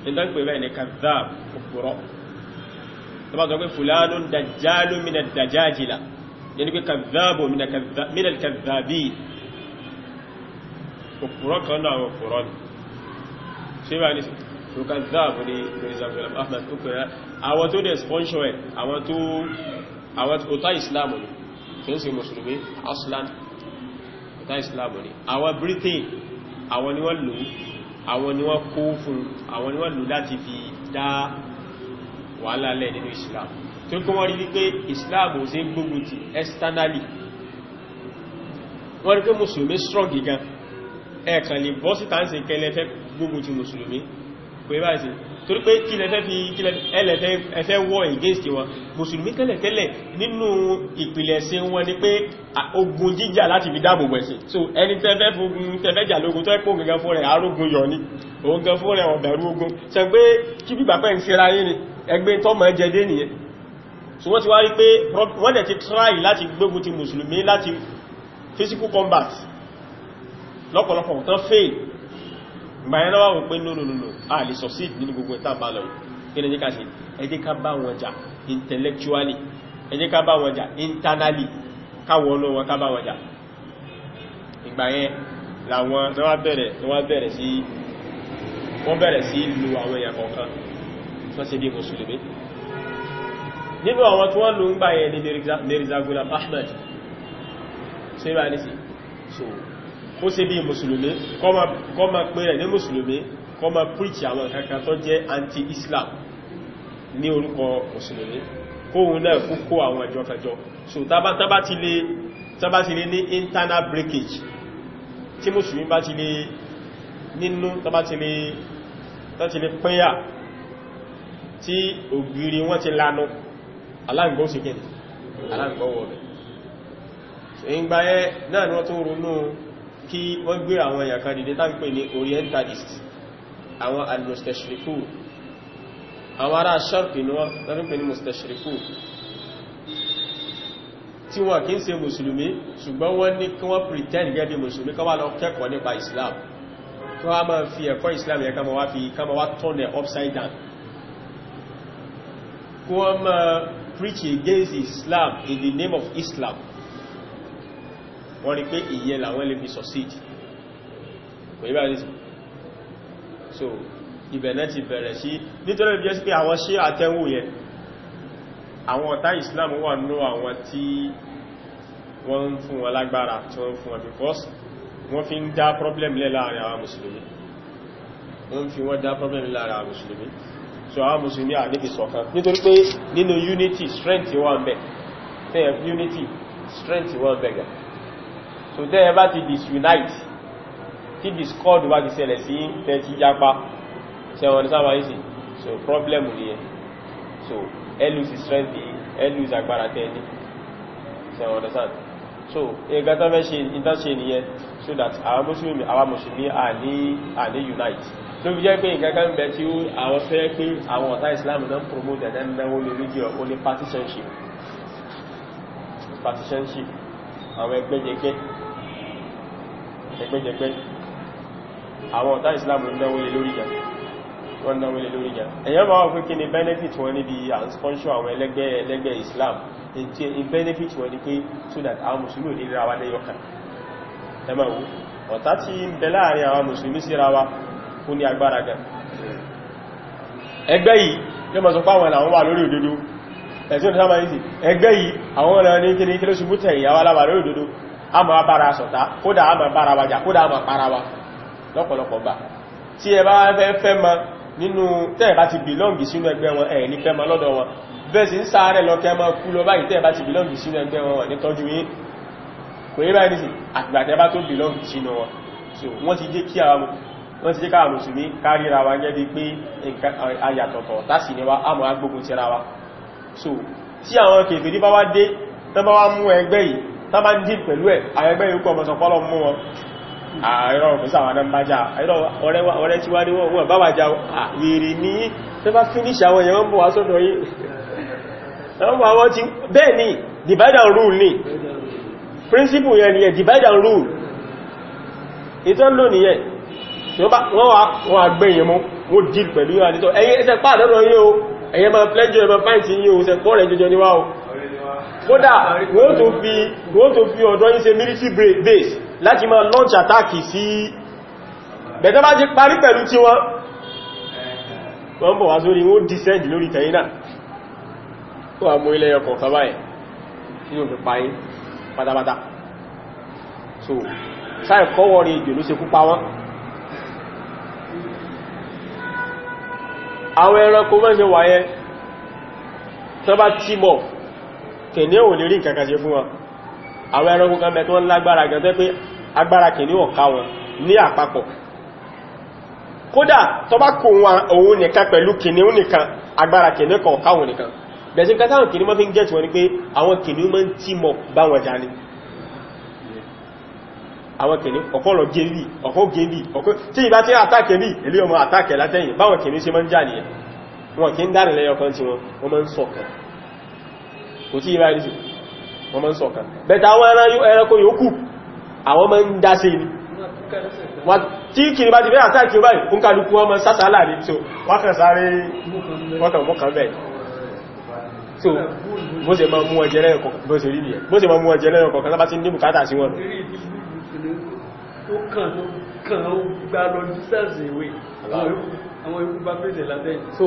A: ìdá ń pè bẹ́ẹ̀ ní kadhab òpùrọ́ tó bá sọ pé fulanun dajjalu mina dajajila yẹni pé kadhabu mina kadhabin òpùrọ́ kan náà òpùrọ́ ni ṣíwá ní ṣùkan záàbù ní ìrìnzàbùlàm ahmad okùnrin àwọn tó dẹ̀ sponsor ẹ̀ àwọn tó àwọn ọ̀tá islam ni kí n sì mùsùlùmí aslan ọ̀tá islam ni àwọn britain àwọn ni wọ́n lò àwọn ni wọ́n kó fún àwọn ni wọ́n lò láti fi dá wàhálà lẹ̀ nínú islam tó kọ́ wọ́n rí wípé islam ò sí gbógun ti externally wọ́n rí pé mùsùlùmí strong gan ẹ̀ẹ̀kan lè bọ́ síta ń se kẹlẹ́fẹ́ gbógun ti mùsùlùmí kò yẹ báyìí sí torí pé kí lẹ́fẹ́ fi ẹlẹ́fẹ́ wọ́ against wọn mùsùlùmí tẹ́lẹ̀tẹ́lẹ̀ nínú ìpìlẹ̀ sí wọn ni pé ogun jíjà láti fi dáàbò bẹ̀sì so ẹni tẹ́fẹ́ fún tẹ́fẹ́ jà lógun tó ẹ́pọ̀ gangan fún rẹ̀ arógun yọ ní òun gan fún rẹ̀ ọ̀bẹ̀rú ogun sẹ pé kí bí bàpẹ́ ń sera yìí ni ẹgbẹ́ tọ́mọ jẹ dé nìyẹn so wọ́n ti wá rí pé wọ́n dẹ̀ ti try láti gbógun ti mùsùlùmí láti physical combat lọ́pọ̀lọpọ̀ tán fail ìgbàyẹn lọ́wọ́ wò pé lónìí a lè succeed nínú gbogbo ìta bá lọ kí ni jíká sí ẹ jẹ́ ká bá wọn jà intellectually ẹ jẹ́ ká bá wọn jà internally káwọ ọlọ́ wọn ká bá wọn jà ìgbàyẹn làwọn tí wọ́n bẹ̀rẹ̀ sí wọ́n bẹ̀rẹ̀ sí lo àwọn èèyàn kọ̀ọ̀kan tó ṣe bí mùsùlùmí nínú àwọn tí wọ́n lò ń gbàyẹn ní Mirza Ghulam Ahmad ṣe bá ní sí so kó ṣe bí mùsùlùmí kó máa pè rẹ̀ ní mùsùlùmí kó máa píríkì àwọn kankan tó jẹ́ anti-islam ní orúkọ mùsùlùmí kóhun náà kú kó àwọn ẹjọ́ kẹjọ so tábá ti lè tábá ti lè ní internal breakage tí mùsùlùmí bá ti lè nínú tábá ti lè pẹ́yà tí ògiri wọ́n ti lánú aláǹgbọ́ sí kí aláǹgbọ́ wọ̀ bẹ̀ so ìgbà ẹ náà ni wọ́n tó ronú kí wọ́n gbé àwọn èèyàn kan dìde tán pè ní orientalist àwọn al-mustashriku àwọn ará sharpi ni wọ́n tán pè ní mustashriku tí wọ́n kí ń ṣe mùsùlùmí ṣùgbọ́n wọ́n ní kí wọ́n pretend gẹ́gẹ́ bí mùsùlùmí kan wá lọ kẹ́kọ̀ọ́ nípa islam kí wọ́n máa fi ẹ̀kọ́ islam upside down kí wọ́n máa preach against islam in the name of islam wọ́n rí pé ìyẹn làwọn lè fi succeed kò yí bá ní so ibẹ̀ náà ti bẹ̀rẹ̀ sí nítorí bí jẹ́ pé àwọn ṣe àtẹ́wò yẹn àwọn ọ̀tá Islam wà ní àwọn tí wọ́n ń fún wọn lágbára tí wọ́n ń fún wọn because wọ́n fi ń dá problem lẹ́ láàrin àwọn mùsùlùmí wọ́n fi wọ́n dá problem láàrin àwọn mùsùlùmí so àwọn mùsùlùmí à níbi ṣọ̀kan nítorí pé nínú unity strength wà ń bẹ unity strength wà ń bẹ gan so tẹ́ ẹ bá disunite tí discord bá ti ṣẹlẹ̀ sí tẹ́ ti yapa sẹ́wọ̀n ní sáwà ìsìn so problem nìyẹn so ẹ lose strength yìí lose his agbára tẹ́ ní sẹ́wọ̀n ní sáwà so ẹgbẹ́ tó fẹ́ ṣe ìtànṣe nìyẹn so that our Muslim, our àwọn mùsùlùmí àní unite ló fi jẹ́ pé nǹkan kan bẹ̀ tí àwọn fẹ́ pé àwọn ọ̀tá Islam don't promote that, then lè only ọ̀ only partisanship partisanship àwọn ẹgbẹ́ jẹ́gẹ́ jẹgbẹ́jẹgbẹ́ àwọn ọ̀tá islam náwó lé lórí gan wọ́n náwó lé lórí gan ẹ̀yọ́ máa wọ́n fún kí ni benefit wọn níbi àǹspọ́nṣọ́ àwọn ẹlẹ́gbẹ́ ẹlẹ́gbẹ́ islam in benefit wọn ni pé so that àwọn mùsùlùmí ní ra wa lẹ́yọkàn ẹ máa wo ọ̀tá tí ń bẹ láàrin àwọn mùsùlùmí síra wa ó ní agbára gan ẹgbẹ́ yìí yóò máa sọ ni kí ló ṣubú tẹ̀yìn àwọn alábàá lórí a máa bára sọ̀tá kódà a máa bára wájà kódà a máa para wa lọ́pọ̀lọpọ̀ bá tí ẹ bá fẹ́ fẹ́ ma nínú tẹ́ẹ̀ bá ti bìlọ́ǹgì sínú ẹgbẹ́ wọn ẹ̀ ní fẹ́ ma lọ́dọ̀ wọn bẹ́ẹ̀ sì ń sáré lọ kẹ́ máa kú lọ báyìí tẹ́ẹ̀ bá so wọ́n ti jẹ́ kí àwọn wọ́n ti jẹ́ káà mùsùlùmí káríra wa jẹ́ bí pé so tí àwọn kèfèrí bá wá dé tán bá wá mú ẹgbẹ́ yìí tá bá ń dì pẹ̀lú ẹ̀ àyẹgbẹ́ ìrúkọ ọmọ sọpọ́lọ mú wọn àìrọ̀ òfúsà àwọn adánbájá àìrọ̀ ọ̀rẹ́ tí wá níwọ̀ wọ́n báwàjá wèrè ní tó bá finish àwọn èèyàn ń bọ̀ wá sọ́dọ̀ yìí bẹ́ẹ̀ ni divide and rule ni principle yẹn ni yẹ divide and rule ìtọ́ ló nìyẹ wọ́n àgbẹ̀yìn mú wọ́n dìl pẹ̀lú ẹ̀yẹ́ ẹsẹ̀ pàdánà yíò ẹ̀yẹ́ máa pledge ẹ̀mọ̀ pàǹtí yíò ṣe pọ́ọ̀rẹ̀ jọjọ níwá o kódà wọ́n tó fi ọ̀dọ́ yí ṣe military base láti máa launch attack sí bẹ̀tẹ́ bá jí parí pẹ̀lú tí wọ́n wọ́n bọ̀ wá sórí wọ́n descend lórí tẹ̀yìn náà tó wà mú ilẹ̀ ọkọ̀ kọbáyẹ̀ nínú fi parí pátápátá so sáì kọ́wọ́ rí ìjò ló ṣe kúpa wọ́n àwọn ẹranko mẹ́sẹ̀ wáyẹ́ tọ́bá tíbọ̀ kẹ̀ní ò lè rí nǹkan ṣe fún wọn àwọn ẹranko kan bẹ tó ń lágbára gan tẹ́ pé agbára kẹ̀ní ò ká wọn ní àpapọ̀ kódà tó bá kó wọn òun nìkan pẹ̀lú kẹ̀ní ò nìkan agbára kẹ̀ní kọ̀ ká wọn nìkan bẹ̀sí mọ́ fi ń gẹ̀ẹ́tì ni pé àwọn kẹ̀ní mọ́ ń tí mọ̀ bá wọn jà ni àwọn kò tí ìbá ìrísì wọ́n mọ́ ń sọ̀kan bẹ̀ta àwọn ẹranko yòókù àwọn mọ́ ń dá sí ni tí kìí bá ti bẹ́ àtàkì báyìí kún kálukú ọmọ sásàálà ní tí ó wákàn sáré wákàn mọ́kàn bẹ́ẹ̀ so bó ṣe máa mú ọjẹ́ lẹ́yọ̀kọ̀ bó ṣe rí nìyẹn bó ṣe máa mú ọjẹ́ lẹ́yọ̀kọ̀ kan lábá ti ní bùkátà sí wọn so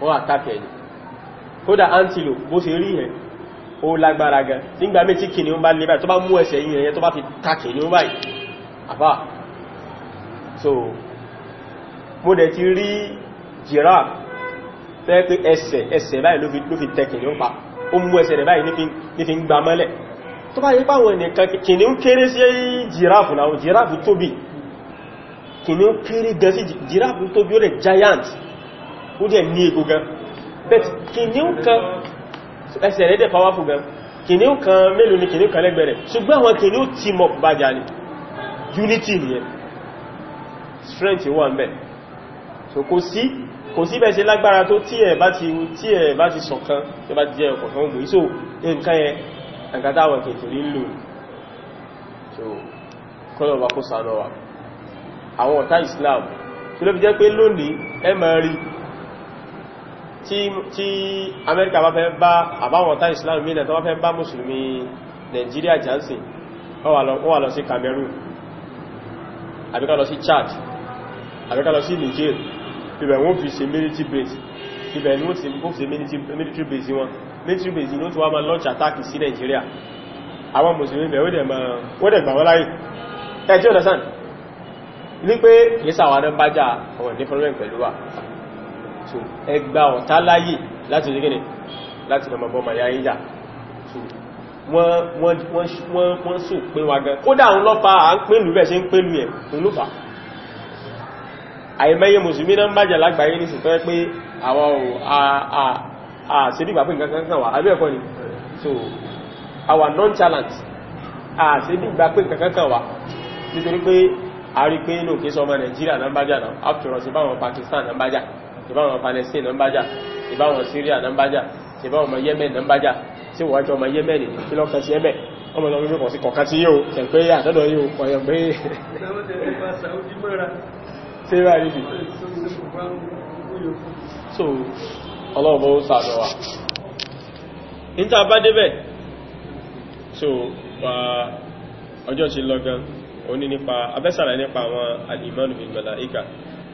A: wọ́n àtàkì ẹ̀yìn kódà antilo, bó ṣe rí yẹn ó lágbára gan tí ń gba méjì kìí ni ó bá lé báyìí tó bá mú ẹsẹ̀ yìí yẹn tó bá fi takì ní ó báyìí àbá so mo dẹ̀ ti rí giraffe fẹ́ pé ẹsẹ̀ ẹsẹ̀ báyìí ló fi tẹ kìí pa ó mú ẹsẹ̀ rẹ̀ báyìí ní fi ń gba mọ́lẹ̀ tó bá yí páwọn ẹnìkan kìí ń kéré sí giraffe náà giraffe tóbi kìí ń kéré gan sí giraffe tóbi ó dẹ̀ giant ó dẹ̀ ní egbò but kìnìún kan ẹsẹ̀ rẹ̀ dẹ̀ powerful gan kìnìún kan mélòó ni kìnìún kan lẹ́gbẹ̀ẹ́ rẹ̀ ṣùgbọ́n àwọn kìnìún team up bájá ni unity nìyẹn strength wà ń bẹ̀ so kò sí kò sí bẹ́ẹ̀ ṣe lágbára tó tí ẹ̀ bá ti tí ẹ̀ bá ti ṣọ̀kan tí bá ti jẹ́ ọkọ̀ kan gbòí so nǹkan yẹn àgbàtàwọ̀ kètò nílò so kọ́lọ̀ wà kó sànà wà àwọn ọ̀tá Islam tó ló fi jẹ́ pé lónìí ẹ tí amẹ́ríkà bá fẹ́ bá àbáwọn ọ̀tá islam mílẹ̀ tó wá fẹ́ bá mùsùlùmí nigeria jansi wọ́n wà lọ sí cameroon àbíká lọ sí chad àbíká lọ sí niger ibẹ̀ wọ́n fi ṣe military base ibẹ̀ ni wọ́n ti kó ṣe military base wọn military base ni ó ti wá máa launch attack sí nigeria àwọn mùsùlùmí bẹ̀ ó dẹ̀ gbà wọ́n láyé ẹjọ́ ìdásán ní pé yẹ́sà wà náà bájá ọ̀wọ̀n ní so ẹgbà ọ̀tá láyè láti rígẹ́nì láti lọ mọ̀bọ̀ ma yáyí jà so wọ́n so pé wa gan kódà ń lọ́pa à ń pínlú bẹ́ẹ̀ ṣe ń pínlú ẹ̀ olúfà àìmẹ́yẹ mùsùlùmí náà ń bàjẹ́ lágbàáyé ní sùpẹ́ pé àwọn àṣẹ́bí ìgbàpín kankan kan wà abẹ́ẹ̀kọ́ ni so our non-challenge àṣẹ́bí ìgbàpín kankan kan wà nítorí pé a rí pé inú kí sọmọ Nàìjíríà náà bàjá náà after all sí báwọn Pakistan náà bàjá ìbáwọn Palestine náà ń bájà ìbáwọn Syria náà ń ti ìbáwọn ọmọ Yemen na mbaja tí wọ́n jọ ọmọ Yemen ní kí sí ẹbẹ̀ ọmọ lọ wa so ọjọ́ ti lọ gan oní nípa abẹ́sàrà nípa àwọn alìmọ́nù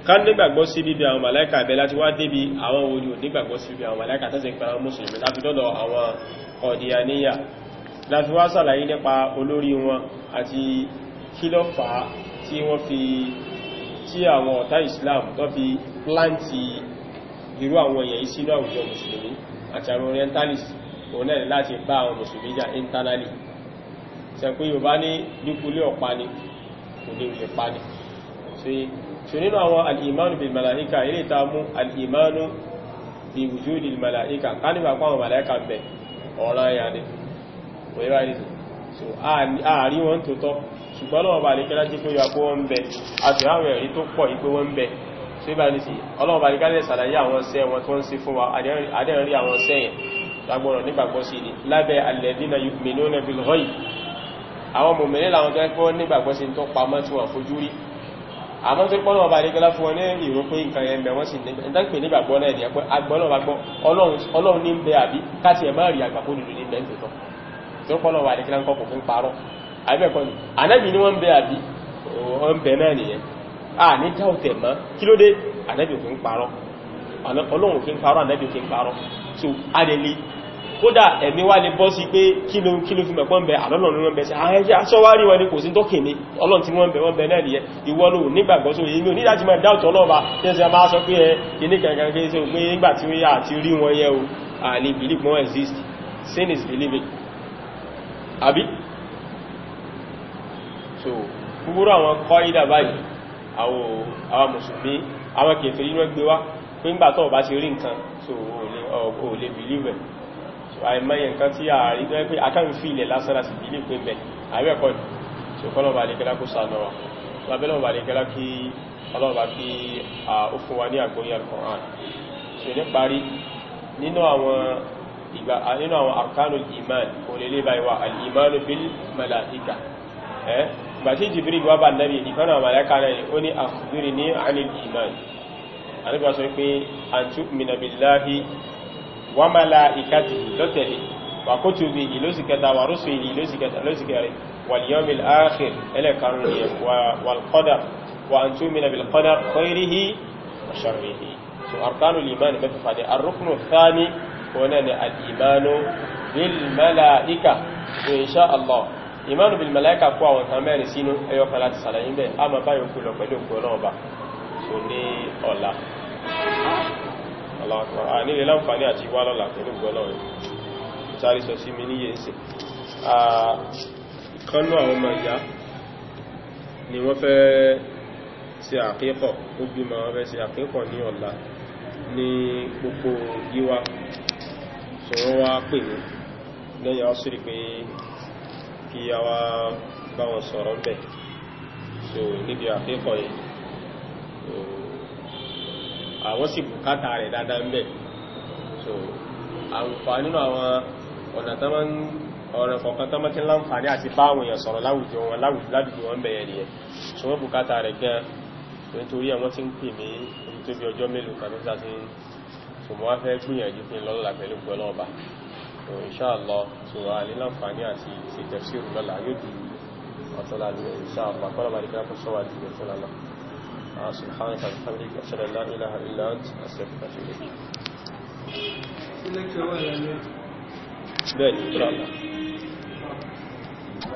A: ká nígbàgbọ́ sí bíbí àwọn màláìkà abẹ́ láti wá débi àwọn olù nígbàgbọ́ sí bíbí àwọn màláìkà tẹ́sẹ̀ pẹ̀lú àwọn mùsùlùmí láti dọ́dọ̀ àwọn kọ̀díyaníyà láti wá sàlàyé nípa olórí wọn àti kílọ́fà tí wọ́n fi tí àwọn Islam tó fi pláǹtì irú àwọn èèyàn sínú àwùjọ mùsùlùmí àti àwọn orientalist òun náà láti bá àwọn mùsùlùmí jà internally sẹ́kú so nínú àwọn al'imanu bil mala'ika ilé ta mú al'imanu bi wujudil mala'ika kánibà pàwọn mala'ika bẹ̀ ọ̀ràn ya ni wẹ́rẹ́ ní so ààrí wọn tó tọ́ ṣùgbọ́n náà bá lè kẹ́lá jí pé yàgbó wọn bẹ̀ àti àwọn ẹ̀rí tó pọ̀ ìpé wọn bẹ̀ so ibà ní sí ọlọ́wọ́ bá lè kẹ́lẹ̀ sàlàyé àwọn sẹ́ wọn tó ń àmọ́ tó pọ́nà ọba àdékọ́lá fún wọn ní ìrò pé nǹkan yẹn bẹ̀ wọ́n sì ní ẹ̀dá pè ní gbàgbọ́ náà ẹ̀dìyẹ pé agbọ́nà ọba gbọ́ ọlọ́run ní bẹ àbí káti ẹ̀ máa rí àgbàkó nìlú ní bẹ́ẹ̀ tòótọ́ tó pọ́nà ọba àdékọ́lá ń kọ́ kò fún parọ́ àbẹ́ẹ̀kọ́ ni ànábì ni wọ́n bẹ àbí wọ́n bẹ náà nìyẹn a ní dá òtẹ̀ mọ́ kí ló dé ànábì òfin parọ́ ọlọ́run òfin parọ́ ànábì òfin parọ́ so adẹ́lé kódà ẹ̀mí wá lè bọ́ sí pé kí ló kí ló fi mẹ̀pọ́n bẹ àlọ́lọ́ ní wọ́n bẹ̀ sí ààrẹ aṣọ́wárí wọn ni kò sí tókè ní ọlọ́n tí wọ́n bẹ̀ wọ́n bẹ̀ náà nìyẹn ìwọ́lò nígbàgbọ́ só èyí ní láti máa dáùtọ́ lọ́ọ̀bá tí ẹ̀sẹ̀ máa sọ pé ẹ kìíní kankan kí ó pé nígbà tí a ti exist sin is believing àbí so gbogbo àwọn kọ́ ìdà báyìí àwọn mùsùlùmí àwọn kèfèrí inú ẹgbẹ́ wá pé ńgbà tó bá ti rí nǹkan so ò lè believe àìmọye nǹkan tí ààrí tó yẹ́ pé akáwì fi ilẹ̀ lásánà sí ilé pé bẹ̀ àwẹ́ ẹ̀kọ́ ni tí ó kọ́lọ̀ bà lè kẹ́lá kó sànà wa lábẹ́lọ̀ bà lè kẹ́lá kí ọlọ́ọ̀bà kí ó fún wa ní àgbóyà Al-Qur'an ṣe ní parí nínú àwọn ìgbà nínú àwọn arkanul iman olèlé báyìí wa al-imanu bil malaika eh gbà tí Jibril wá bá nabi ìkan àwọn malaika náà ó ní akhbirni anil iman àníbà sọ pé an tu'mina billahi wa malaikatihi ló tẹ̀lé wa kutubihi ló sì kẹta wa rusulihi ló sì kẹta ló sì kẹrin wal yawmil akhir ẹlẹ́karùn ni wal qadar wa an tu'mina bil qadar khairihi wa kó àwọn kan sínú ẹyọ láti sàlàyé bẹ́ẹ̀ a ma báyọ̀ kú lọ pẹ̀lú òkú ọlọ́ọ̀ba so ní ọ̀la aláàkọ́ a nílé láǹfàní àti wá lọ́la pẹ̀lú gọ́lọ́rin ìtàrí sọ sí mi ní yẹ́ sí kanú àwọn ọmọ ìyá ni wọ́n fẹ́ ṣe àkíkọ̀ ó bí ma wọ́n fẹ́ ṣe àkíkọ̀ ní ọ̀la ní gbogbo yíwá sọ̀rọ̀ wá pè mí lẹ́yìn wá pé kí a wá bá sọ̀rọ̀ bẹ̀ so níbi àkíkọ̀ yìí àwọn sì bùkátà rẹ̀ dáadáa ń bẹ̀ so àǹfààní nínú àwọn ọ̀nà tó máa ń ọ̀nà kọ̀ọ̀kan tó máa ti láǹfààní àti báwọn èèyàn sọ̀rọ̀ láwùjọ wọn láwùjọ ládùúgbò wọn bẹ̀yẹ̀ nìyẹn so wọ́n bùkátà rẹ̀ gan nítorí àwọn tí ń pè mí orí tó bí ọjọ́ mélòó kan tó sáti ń so mo wá fẹ́ gbìyànjú pé lọ́lọ́lá pẹ̀lú gbọ́lọ́ ọba so inshallah so a ní láǹfààní àti ṣe tẹ̀síòrù lọ́la yóò di ọ̀tọ́lá ní inshallah kọ́lọ́bà ní kí wọ́n sọ́wà jù سبحانك وبحمدك أشهد أن لا إله إلا أنت أستغفرك
B: وأتوب إليك. بẹ́ẹ̀ni ìtura